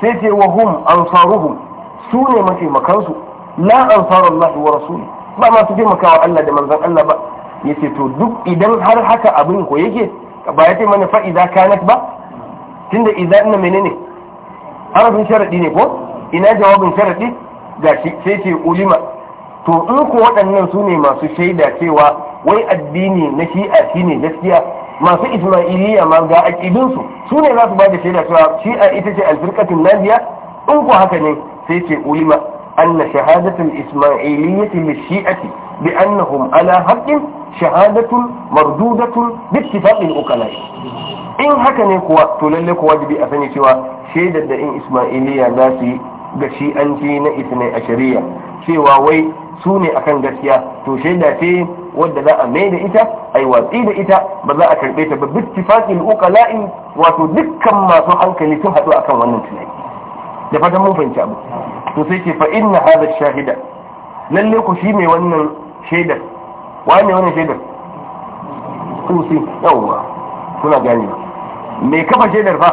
sai ce wa hum ansaruhum su ne mataimakansu la ansarullah wa rasuli ba masu taimakawa Allah da manzan Allah ba ya ce to duk idan har haka abin ko yake ba ya ce mana fa kanat ba tunda na mene menene harafin sharaɗi ne ko ina jawabin sharaɗi? ga sai ce ulima to in ko waɗannan su ne masu shaida cewa wai addini na shi'a shine gaskiya masu ismailiya ma ga aƙidinsu su ne za su ba da shaida cewa shi'a ita ce alfirkatun najiya in ko haka ne سيتي علم أن شهادة الإسماعيلية للشيعة بأنهم على حق شهادة مردودة باتفاق الأكلاء إن هكذا كوا تللك واجبي أفني شوى شهادة إن إسماعيلية ناسي بشيئنتي نإثني أشرية شوى وي سوني أكن جسيا gaskiya to shaida ce wadda za a mai da ita a باتفاق watsi da ما ba za أكن ونمتنين da fatan mun fahimci abu to sai ce fa na hada shahida lalle ku shi mai wannan shaidar wa ne wannan shaidar tusi yawwa kuna gani mai kafa shaidar fa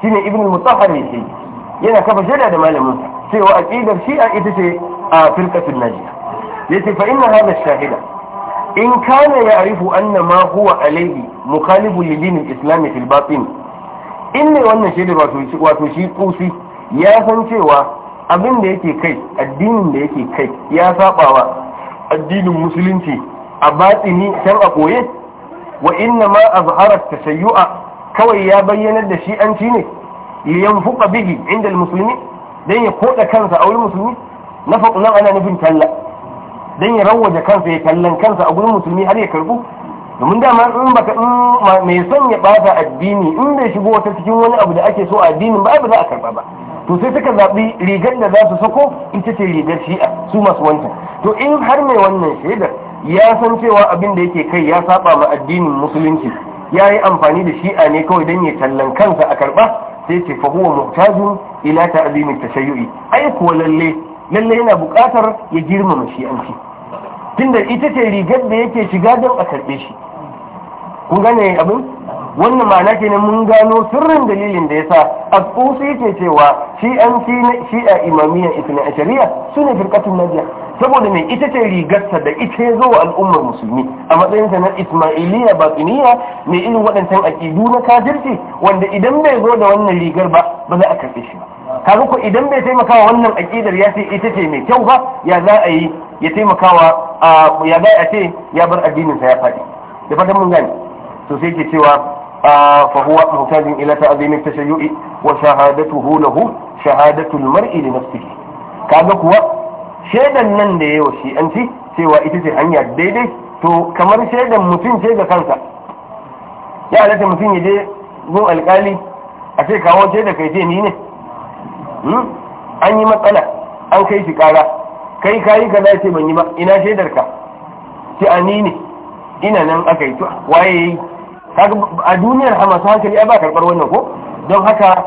shine ibn mutahhar ne shi yana kafa shaida da malamin cewa aqidar a ita ce a firqatul najiya yace fa inna hada shahida in kana ya'rifu anna ma huwa alayhi mukhalifu li dinil islam fil batin in ne wannan shaidar wato shi wato shi tusi ya san cewa abin da yake kai addinin da yake kai ya sabawa addinin musulunci a batini can a koye wa inna ma azhara tashayyu'a kawai ya bayyanar da shi an ci ne fuka bihi inda musulmi dan ya koda kansa a wurin musulmi Na faɗu nan ana nufin talla dan ya rawaje kansa ya kallan kansa a wurin musulmi har ya karbu domin dama in baka in mai son ya bata addini in bai shigo wata cikin wani abu da ake so addinin ba ba za a karba ba to sai suka zaɓi rigar da za su sako ita ce rigar shi'a su masu wancan to in har mai wannan shaidar ya san cewa abin da yake kai ya saba ma addinin musulunci ya yi amfani da shi'a ne kawai don ya tallan kansa a karɓa sai ce fa huwa muhtajun ila ta'zimin tashayyu'i ai kuwa lalle lalle yana buƙatar ya girmama shi'anci tunda ita ce rigar da yake shiga don a karɓe shi kun gane abin wannan ma'ana kenan mun gano sirrin dalilin da yasa a tusi yake cewa shi an fi shi a imamiyya itna ashariya sune firkatun najiya saboda mai ita ce rigarsa da ita ya zo wa al'ummar musulmi a matsayinsa na ismailiya batiniya mai irin waɗancan aƙidu na kafirci wanda idan bai zo da wannan rigar ba ba za a karɓe shi ba ka ko idan bai taimaka wa wannan aƙidar ya ce ita ce mai kyau ba ya za a yi ya taimakawa ya za a ce ya bar addininsa ya faɗi da fatan mun gane to sai ke cewa فهو محتاج إلى تعظيم التشيع وشهادته له شهادة المرء لنفسه kaga kuwa shaidan nan da yawa shi an ci cewa ita ce hanya daidai to kamar shaidan mutum ce ga kansa ya halatta mutum ya je gun alkali a ce kawo shaida kai ce ni ne an yi matsala an kai shi kara kai kayi ka za ce ban yi ba ina shaidarka? ka ni ne ina nan aka yi to a duniyar hamasa hankali ai ba karɓar wannan ko don haka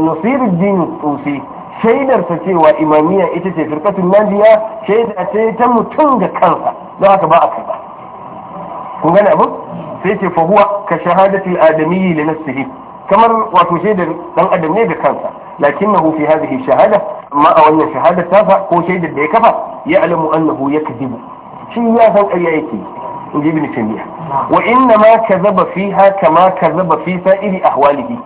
nasiruddin tusi shaidarsa cewa imamiya ita ce firkatun najiya shaida ce ta mutum da kansa don haka ba a karɓa kun gane abin sai ce fahuwa ka shahadati adamiyyi li nafsihi kamar wato shaidar dan adam ne da kansa lakinnahu fi hadhihi shahada amma a wannan shahadar tasa ko shaidar da ya kafa ya alamu annahu kadibu shi ya san ƙarya yake in ji ibn taymiya wa inna ma kazaba fiha kama kazaba fi sa'iri ahwalihi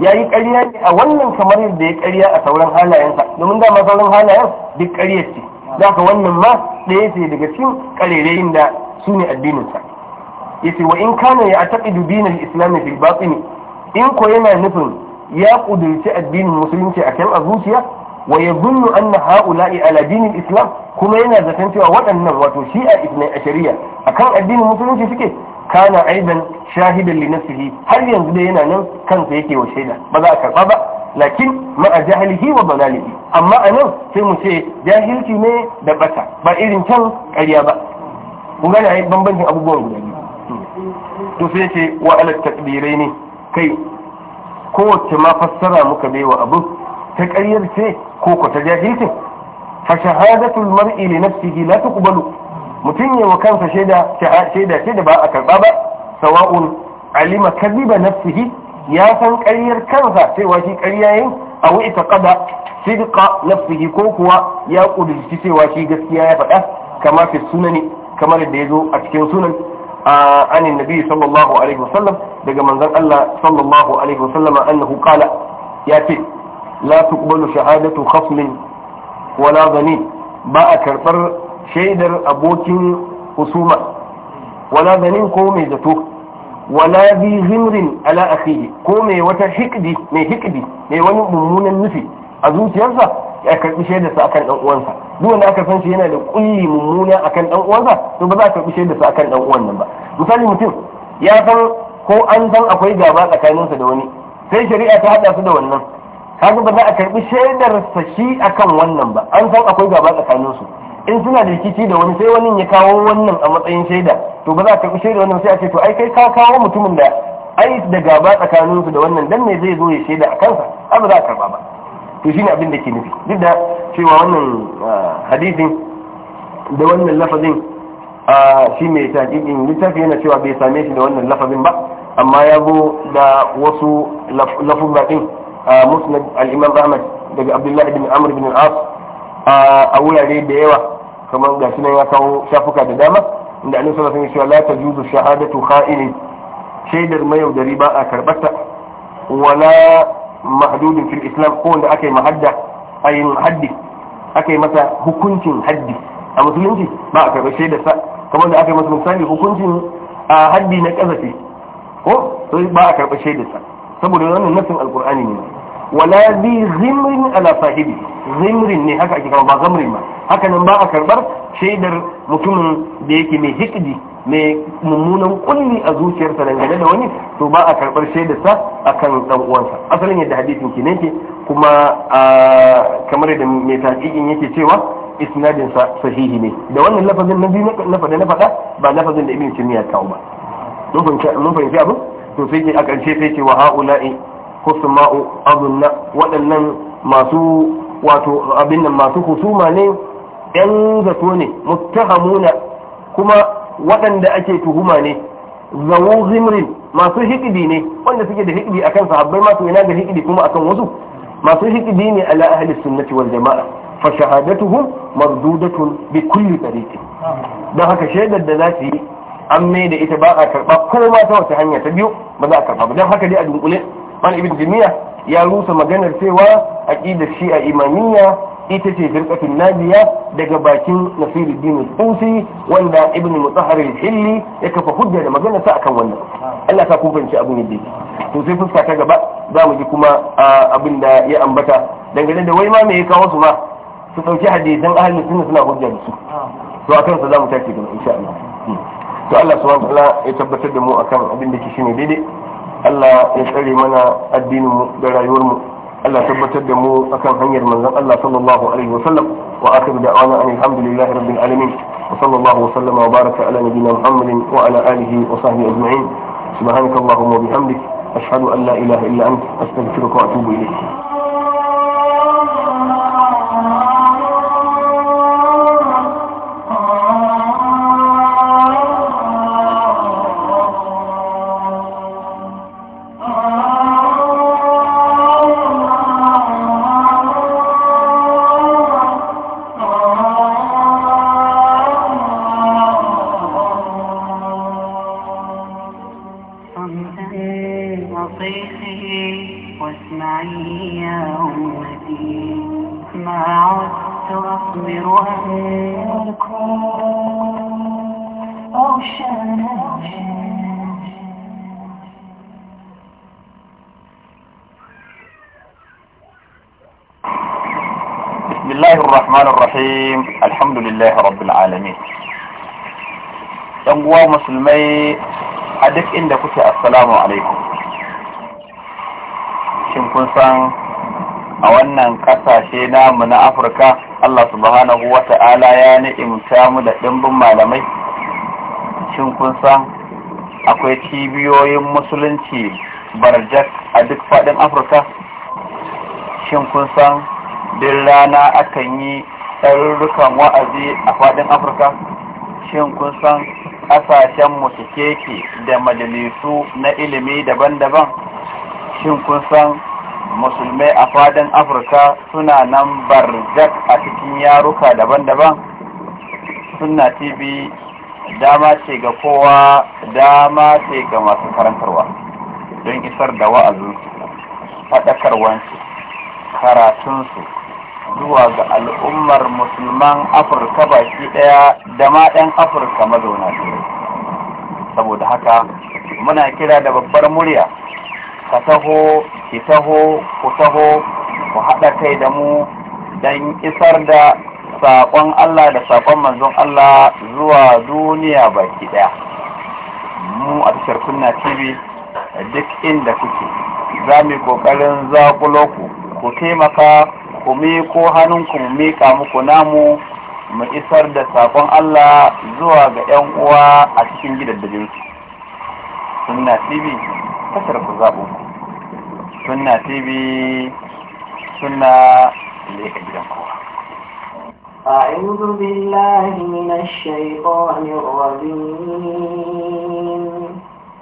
yayi ƙarya ne a wannan kamar yadda ya ƙarya a sauran halayensa domin da dama sauran halayen duk ƙaryar ce zaka wannan ma ɗaya ce daga cikin ƙarerayin da su ne sa yace wa in kana ya taqidu din al-islam fil batin in ko yana nufin ya kudurci addinin musulunci a kan a zuciya wa yadhunnu anna ha'ula'i ala islam kuma yana zaton cewa waɗannan wato shi'a ibn ashariya akan addinin musulunci suke kana aidan shahidan li nafsihi har yanzu dai yana nan kansa yake wa shaida ba za a karɓa ba lakin a jahilihi wa balalihi amma anan sai mu ce jahilci ne da bata ba irin can ƙarya ba kun gane ai bambancin abubuwan guda biyu to sai ce wa ala takbirai ne kai kowace ma fassara muka bai wa abu ta ƙaryar ce ko ko ta jahilce fa mar'i li nafsihi la tuqbalu mutum ya wa kansa shaida shaida ce da ba a karba ba sawa'un alima kadhiba nafsihi ya san ƙaryar kansa cewa shi ƙarya yayin aw itaqada sidqa nafsihi ko kuwa ya kudurci cewa shi gaskiya ya faɗa kamar fi sunani kamar da ya zo a cikin sunan عن النبي صلى الله عليه وسلم دقى منزل الله صلى الله عليه وسلم أنه قال لا تقبل shahadatu خصم wala zanin ba a karɓar shaidar abokin ولا wala zanin ko mai zato wala على أخيه ala وتحكدي ko mai مي وني mai النفي wani mummunan nufi a zuciyarsa ya karbi shaidarsa uwansa duk wanda aka san shi yana da kulli mummuna akan uwansa to ba za a karbi shaidarsa a kan nan ba misali mutum ya san ko an san akwai gaba tsakaninsa da wani sai shari'a ta hada su da wannan kaga ba za a karbi shaidar sashi a kan wannan ba an san akwai gaba tsakanin su in suna da rikici da wani sai wani ya kawo wannan a matsayin shaida to ba za a karbi shaida wannan sai a ce to ai kai ka kawo mutumin da ai da gaba tsakanin su da wannan dan me zai zo ya shaida a kansa an ba za a karba ba to shine abin da ke nufi duk da cewa wannan ah, hadisin da wannan lafazin ah, shi mai taƙiƙin littafi yana cewa bai same shi da wannan lafazin ba amma ya zo da wasu lafun musnad al-imam ahmad daga abdullahi ibn amr ibn al-as a wurare da yawa kamar gashi nan ya kawo shafuka da dama inda annabi sallallahu alaihi wasallam ya ce la tajuzu shahadatu kha'ilin shaidar mayaudari ba a karbata wala mahdudin fil islam ko wanda aka yi mahadda ayin haddi aka yi masa hukuncin haddi a musulunci ba a karɓar shaidarsa kamar da aka yi masa misali hukuncin a haddi na ƙazafi ko sai ba a karɓar shaidarsa saboda wannan nasin alkur'ani ne wala bi zimrin ala sahibi zimrin ne haka ake kama ba zamrin ba haka nan ba a karbar shaidar mutumin da yake mai hikdi mai mummunan kulli a zuciyarsa dangane da wani to ba a karbar shaidarsa akan dan uwansa asalin yadda hadisin ke ne kuma kamar da mai taqiqin yake cewa isnadin sa sahihi ne da wannan lafazin na biyu na faɗa na faɗa ba lafazin da ibn timiya kawo ba mun fahimci abin to sai a ƙarshe sai ce wa ha'ula'i husma'u abunna waɗannan masu wato abin nan masu husuma ne ɗan zato ne muttahamuna kuma waɗanda ake tuhuma ne zawo zimrin masu hikidi ne wanda suke da hikidi akan sahabbai ma to ina ga hikidi kuma akan wasu masu hikidi ne ala ahli sunnati wal jama'a fa shahadatuhum mardudatun bi kulli tariqin dan haka shaidar da za su yi an mai da ita ba a karɓa ko ba ta wata hanya ta biyu ba za a karɓa ba don haka dai a dunkule wani ibn jamiya ya rusa maganar cewa shi a imaniya ita ce firqatul nabiya daga bakin nasiruddin ƙusi wanda ibn mutahhar hilli ya kafa hujja da magana sa akan wannan Allah ta kubanci abin yadda to sai fuska ta gaba za mu ji kuma abin da ya ambata dangane da wai ma me ya kawo su ma su ɗauki hadisan ahalin sunna suna hujja da su to akan sa za mu tashi gaba insha Allah to Allah subhanahu wa ya tabbatar da mu akan abin da ke shine daidai Allah ya tsare mana addinin mu da rayuwar mu Allah tabbatar da mu akan hanyar manzon Allah sallallahu alaihi wa sallam wa akhiru da'wana alhamdulillahi rabbil alamin wa sallallahu wa sallama wa baraka ala nabiyyina Muhammadin wa ala alihi wa sahbihi ajma'in subhanakallahumma wa bihamdik ashhadu an la ilaha illa anta astaghfiruka wa atubu ilayk alhamdulillah rabbil alamin yan uwa musulmai a duk inda kuke assalamu alaikum shin kun san a wannan kasashe namu na afirka allah subhanahu wa ta'ala ya ni'imta mu da ɗimbin malamai shin kun san akwai cibiyoyin musulunci barjak a duk faɗin afirka shin kun san duk rana akan yi tsarurrukan wa'azi a fadin afirka shin kun san ƙasashen mutu keke da majalisu na ilimi daban-daban shin kun san musulmai a fadin afirka suna nan barzak a cikin yaruka daban-daban suna tv dama ce ga kowa dama ce ga masu karantarwa don isar da wa'azinsu faɗakarwansu karatunsu zuwa ga al'ummar musulman afirka baki daya da ma 'yan afirka mazauna saboda haka muna kira da babbar murya ka taho ki taho ku taho ku haɗa kai da mu don isar da saƙon allah da saƙon manzon allah zuwa duniya baki daya mu a tashar kunna tv duk inda kuke za mu yi ƙoƙarin zaƙulo ku ku taimaka ku ko hannunku mu miƙa muku namu mu isar da sakon Allah zuwa ga 'yan uwa a cikin gidaddajin su sunna tv tashar ku zaɓo sunna tv sunna leka gidan kowa أعوذ بالله من الشيطان الرجيم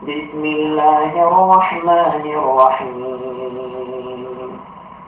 بسم الله الرحمن الرحيم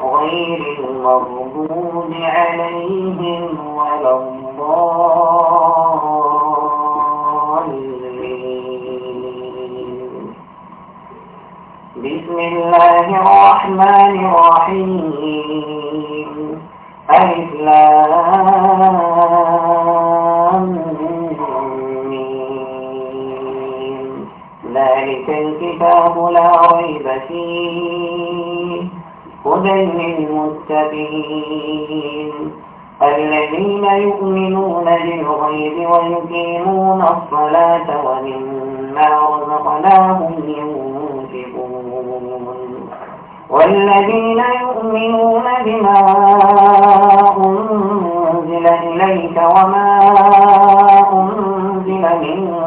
غير المغضوب عليهم ولا بسم الله الرحمن الرحيم ألف ذلك الكتاب لا ريب فيه هدى للمتقين الذين يؤمنون بالغيب ويقيمون الصلاة ومما رزقناهم ينفقون والذين يؤمنون بما أنزل إليك وما أنزل من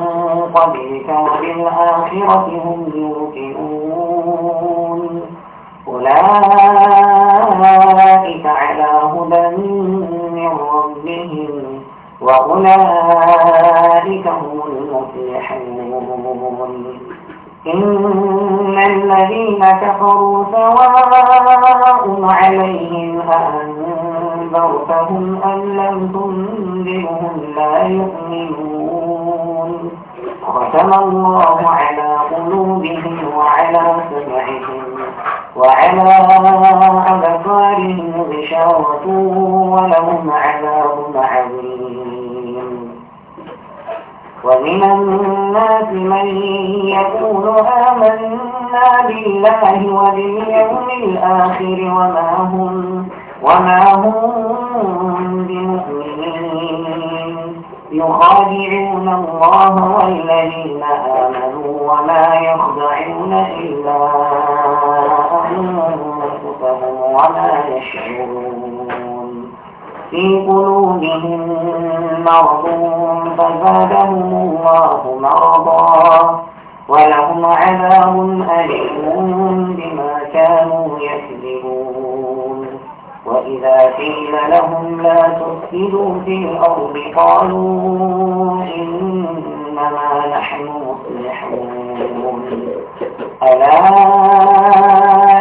قبلك وبالآخرة هم يؤمنون أولئك على هدى من ربهم وأولئك هم المفلحون إن الذين كفروا بالله وباليوم الآخر وما هم وما هم بمؤمنين يخادعون الله والذين آمنوا وما يخدعون إلا أنفسهم وما يشعرون في قلوبهم مرض فزادهم الله مرضا ولهم عذاب أليم بما كانوا يكذبون وإذا قيل لهم لا تفسدوا في الأرض قالوا إنما نحن مصلحون ألا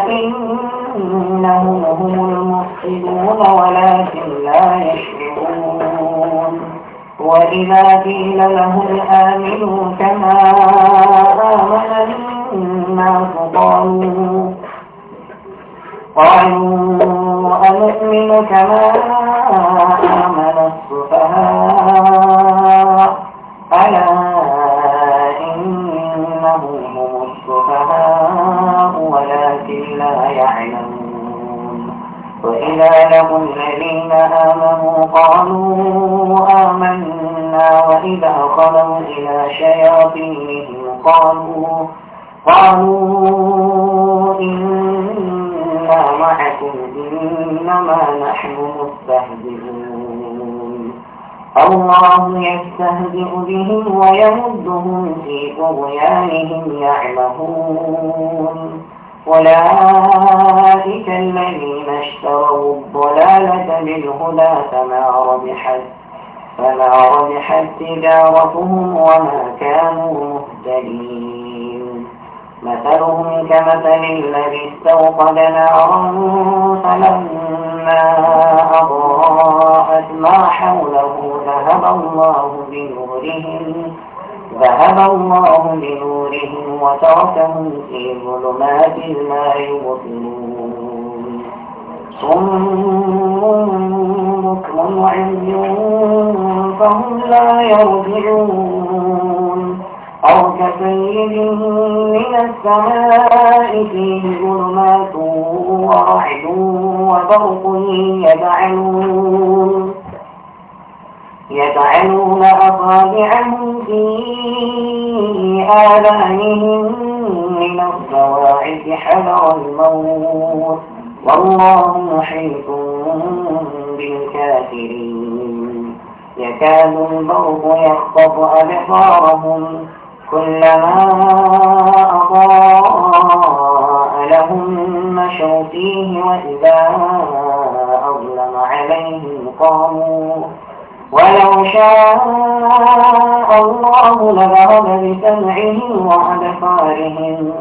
إنهم هم المفسدون ولكن لا يشركون وإذا قيل لهم آمنوا كما آمن الناس قالوا قالوا أنؤمن كما آمن السفهاء ألا إنهم هم السفهاء ولكن لا يعلمون وإذا لقوا الذين آمنوا قالوا آمنا وإذا خلوا إلى شياطينهم قالوا قالوا إنا معكم إنما نحن مستهزئون الله يستهزئ بهم ويمدهم في طغيانهم يعمهون أولئك الذين اشتروا الضلالة بالهدى فما ربحت فما ربحت تجارتهم وما كانوا مهتدين مثلهم كمثل الذي استوقد نارا فلما أضاءت ما حوله ذهب الله بنورهم ذهب الله بنورهم وتركهم في ظلمات لا يبصرون صم بكم وعي فهم لا يرجعون أو كسيد من السماء فيه ظلمات ورعد وبرق يجعلون يجعلون أصابعهم في آذانهم من الصواعق حذر الموت والله محيط بالكافرين يكاد البرق يخطف أبصارهم كلما أضاء لهم مشوا فيه وإذا أظلم عليهم قاموا ولو شاء الله لذهب بسمعهم وأبصارهم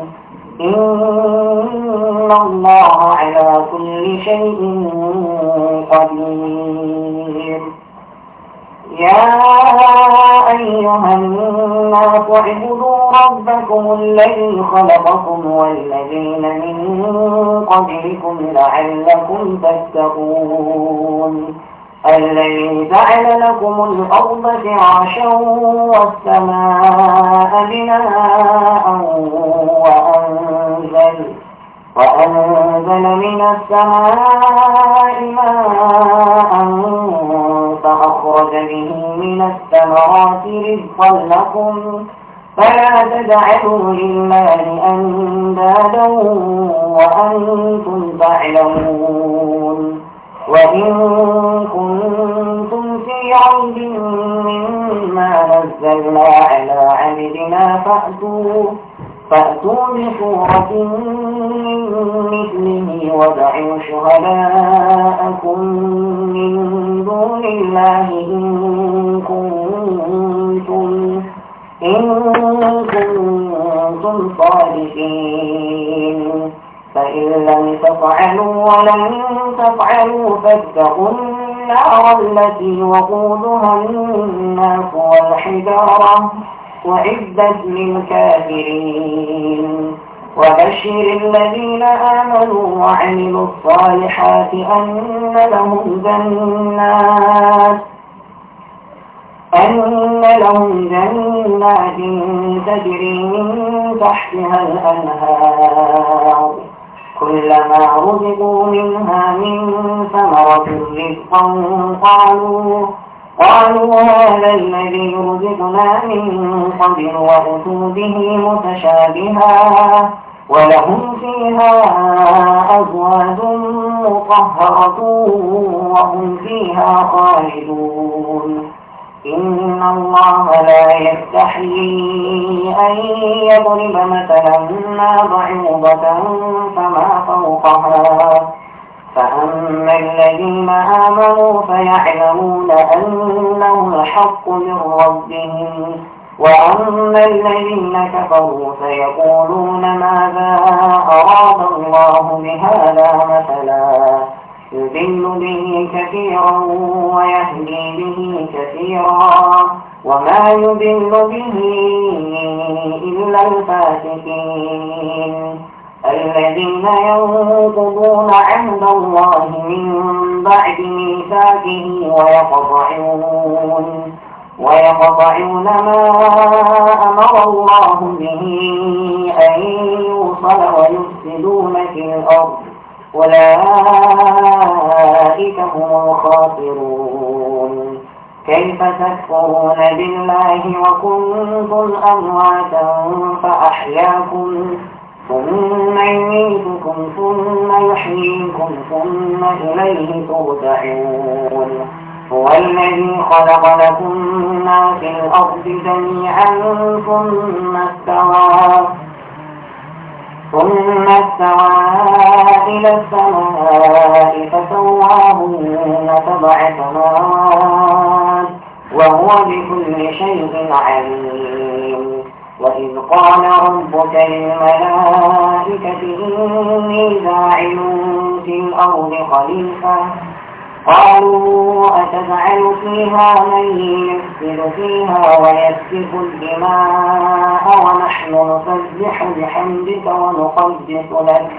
إن الله على كل شيء قدير يا أيها الناس اعبدوا ربكم الذي خلقكم والذين من قبلكم لعلكم تتقون الذي جعل لكم الأرض فراشا والسماء بناء وأنزل, وأنزل من السماء ماء فأخرج به من الثمرات رزقا لكم فلا تجعلوا لله أندادا وأنتم تعلمون وإن كنتم في عيب مما نزلنا على عبدنا فأتوا فأتوا بصورة من مثله ودعوا شهداءكم من دون الله إن كنتم, إن كنتم صادقين فإن لم تفعلوا ولم تفعلوا فاتقوا النار التي وقودها الناس والحجارة وعدت للكافرين وبشر الذين آمنوا وعملوا الصالحات أن لهم جنات أن لهم جنات تجري من تحتها الأنهار كلما رزقوا منها من ثمرة رزقا قالوا قالوا هذا الذي رزقنا من قبل وأتوا به متشابها ولهم فيها أزواج مطهرة وهم فيها خالدون إن الله لا يستحي أن يضرب مثلا ما ضعوبة فما فوقها فأما الذين آمنوا فيعلمون أنه الحق من ربهم وأما الذين كفروا فيقولون ماذا أراد الله بهذا مثلا يذل به كثيرا ويهدي به كثيرا وما يذل به إلا الفاسقين الذين ينقضون عند الله من بعد ميثاقه ويقطعون ويقطعون ما أمر الله به أن يوصل ويفسدون في الأرض أولئك هم الخاسرون كيف تكفرون بالله وكنتم أمواتا فأحياكم ثم يميتكم ثم يحييكم ثم إليه ترجعون هو الذي خلق لكم ما في الأرض جميعا ثم استوى ثم استوى إلى السماء فسواهن سبع سماوات وهو بكل شيء عليم وإذ قال ربك للملائكة إني جاعل في الأرض خليفة قالوا أتجعل فيها من يفسد فيها ويسفك الدماء ونحن نسبح بحمدك ونقدس لك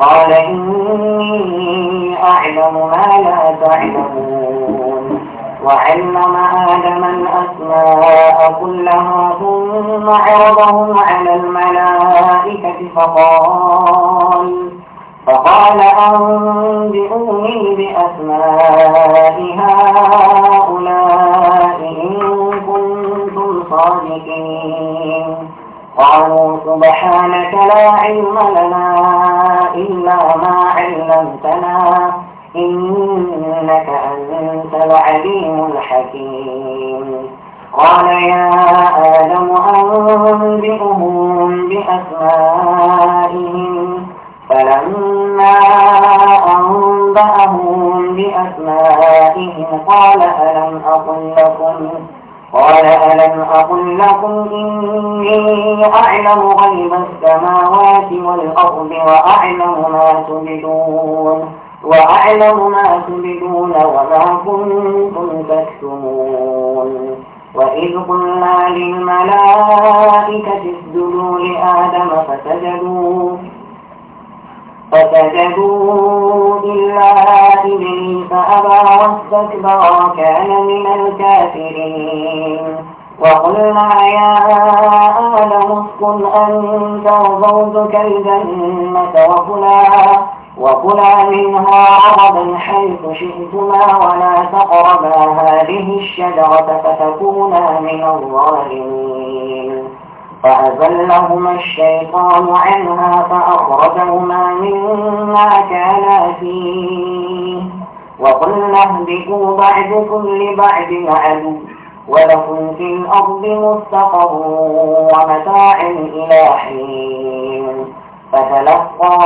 قال إني أعلم ما لا تعلمون وعلم آدم الأسماء كلها ثم عرضهم على الملائكة فقال فقال أنبئوني بأسماء هؤلاء إن كنتم صادقين قالوا سبحانك لا علم لنا إلا ما علمتنا إنك أنت العليم الحكيم قال يا آدم أنبئهم بأسمائهم فلما أنبأهم بأسمائهم قال ألم أقل لكم قال ألم أقل لكم إني أعلم غيب السماوات والأرض وأعلم ما تبدون وأعلم ما تبدون وما كنتم تكتمون وإذ قلنا للملائكة وكفر واستكبر وكان من الكافرين وقلنا يا آدم اسكن أنت وزوجك الجنة وكلا وكلا منها عرضا حيث شئتما ولا تقربا هذه الشجرة فتكونا من الظالمين فأزلهما الشيطان عنها فأخرجهما مما كانا فيه وقلنا اهبطوا بعدكم لبعد عدو ولكم في الأرض مستقر ومتاع إلى حين فتلقى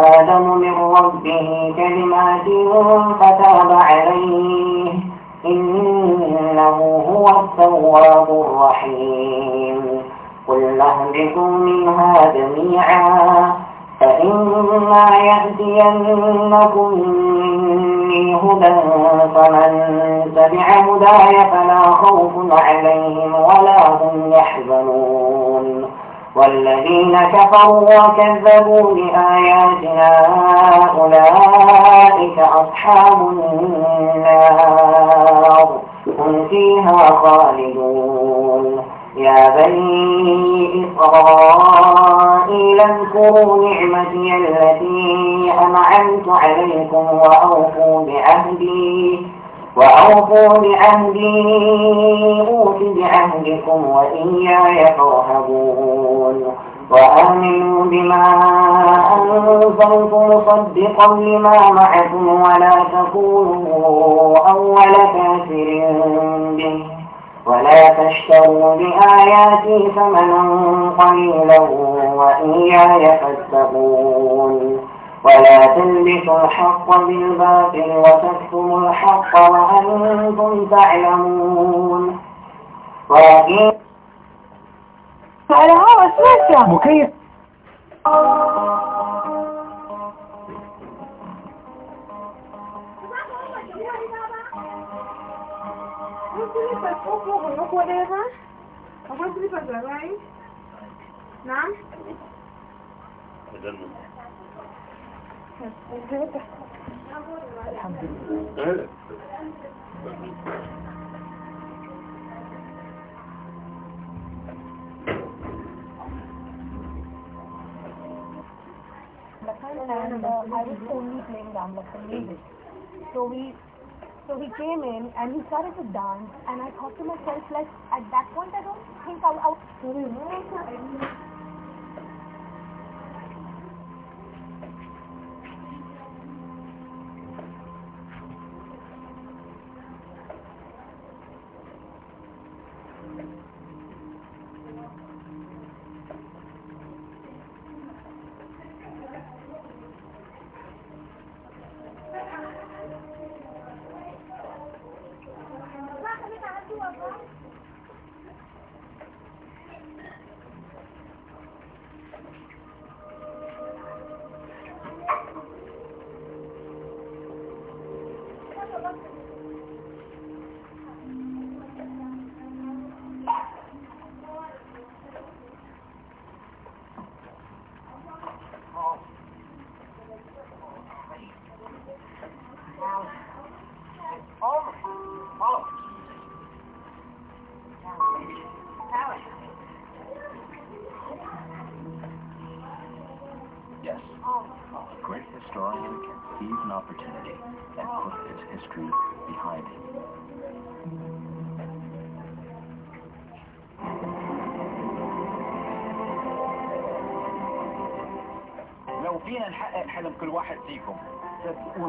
آدم من ربه كلمات فتاب عليه إنه هو التواب الرحيم قل اهبطوا منها جميعا فإما يأتينكم مني هدى فمن تبع هداي فلا خوف عليهم ولا هم يحزنون والذين كفروا وكذبوا بآياتنا أولئك أصحاب النار هم فيها خالدون يا بني إسرائيل اذكروا نعمتي التي أنعمت عليكم وأوفوا بعهدي وأوفوا بعهدي أوف بعهدكم وإياي فارهبون وآمنوا بما أنزلت مصدقا لما معكم ولا تكونوا أول كافر به ولا تشتروا بآياتي ثمنا قليلا وإياي فاتقون ولا تلبسوا الحق بالباطل وتكتموا الحق وأنتم تعلمون ولكن على هوا مكيف whatever. I want to be right? Naam? I don't know. Alhamdulillah. Lakan and maar I was only playing Ram Lakan music. So we So he came in and he started to dance and I thought to myself like at that point I don't think I'll, I'll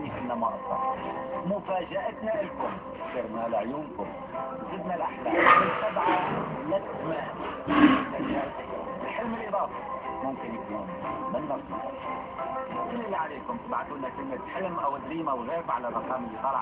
في مرضى مفاجأتنا لكم صرنا لعيونكم زدنا الأحلام من سبعة لتمة الحلم الإضافي ممكن يكون من نصنع كل اللي عليكم تبعتونا لنا كلمة حلم أو دريم أو غيب على الرقم اللي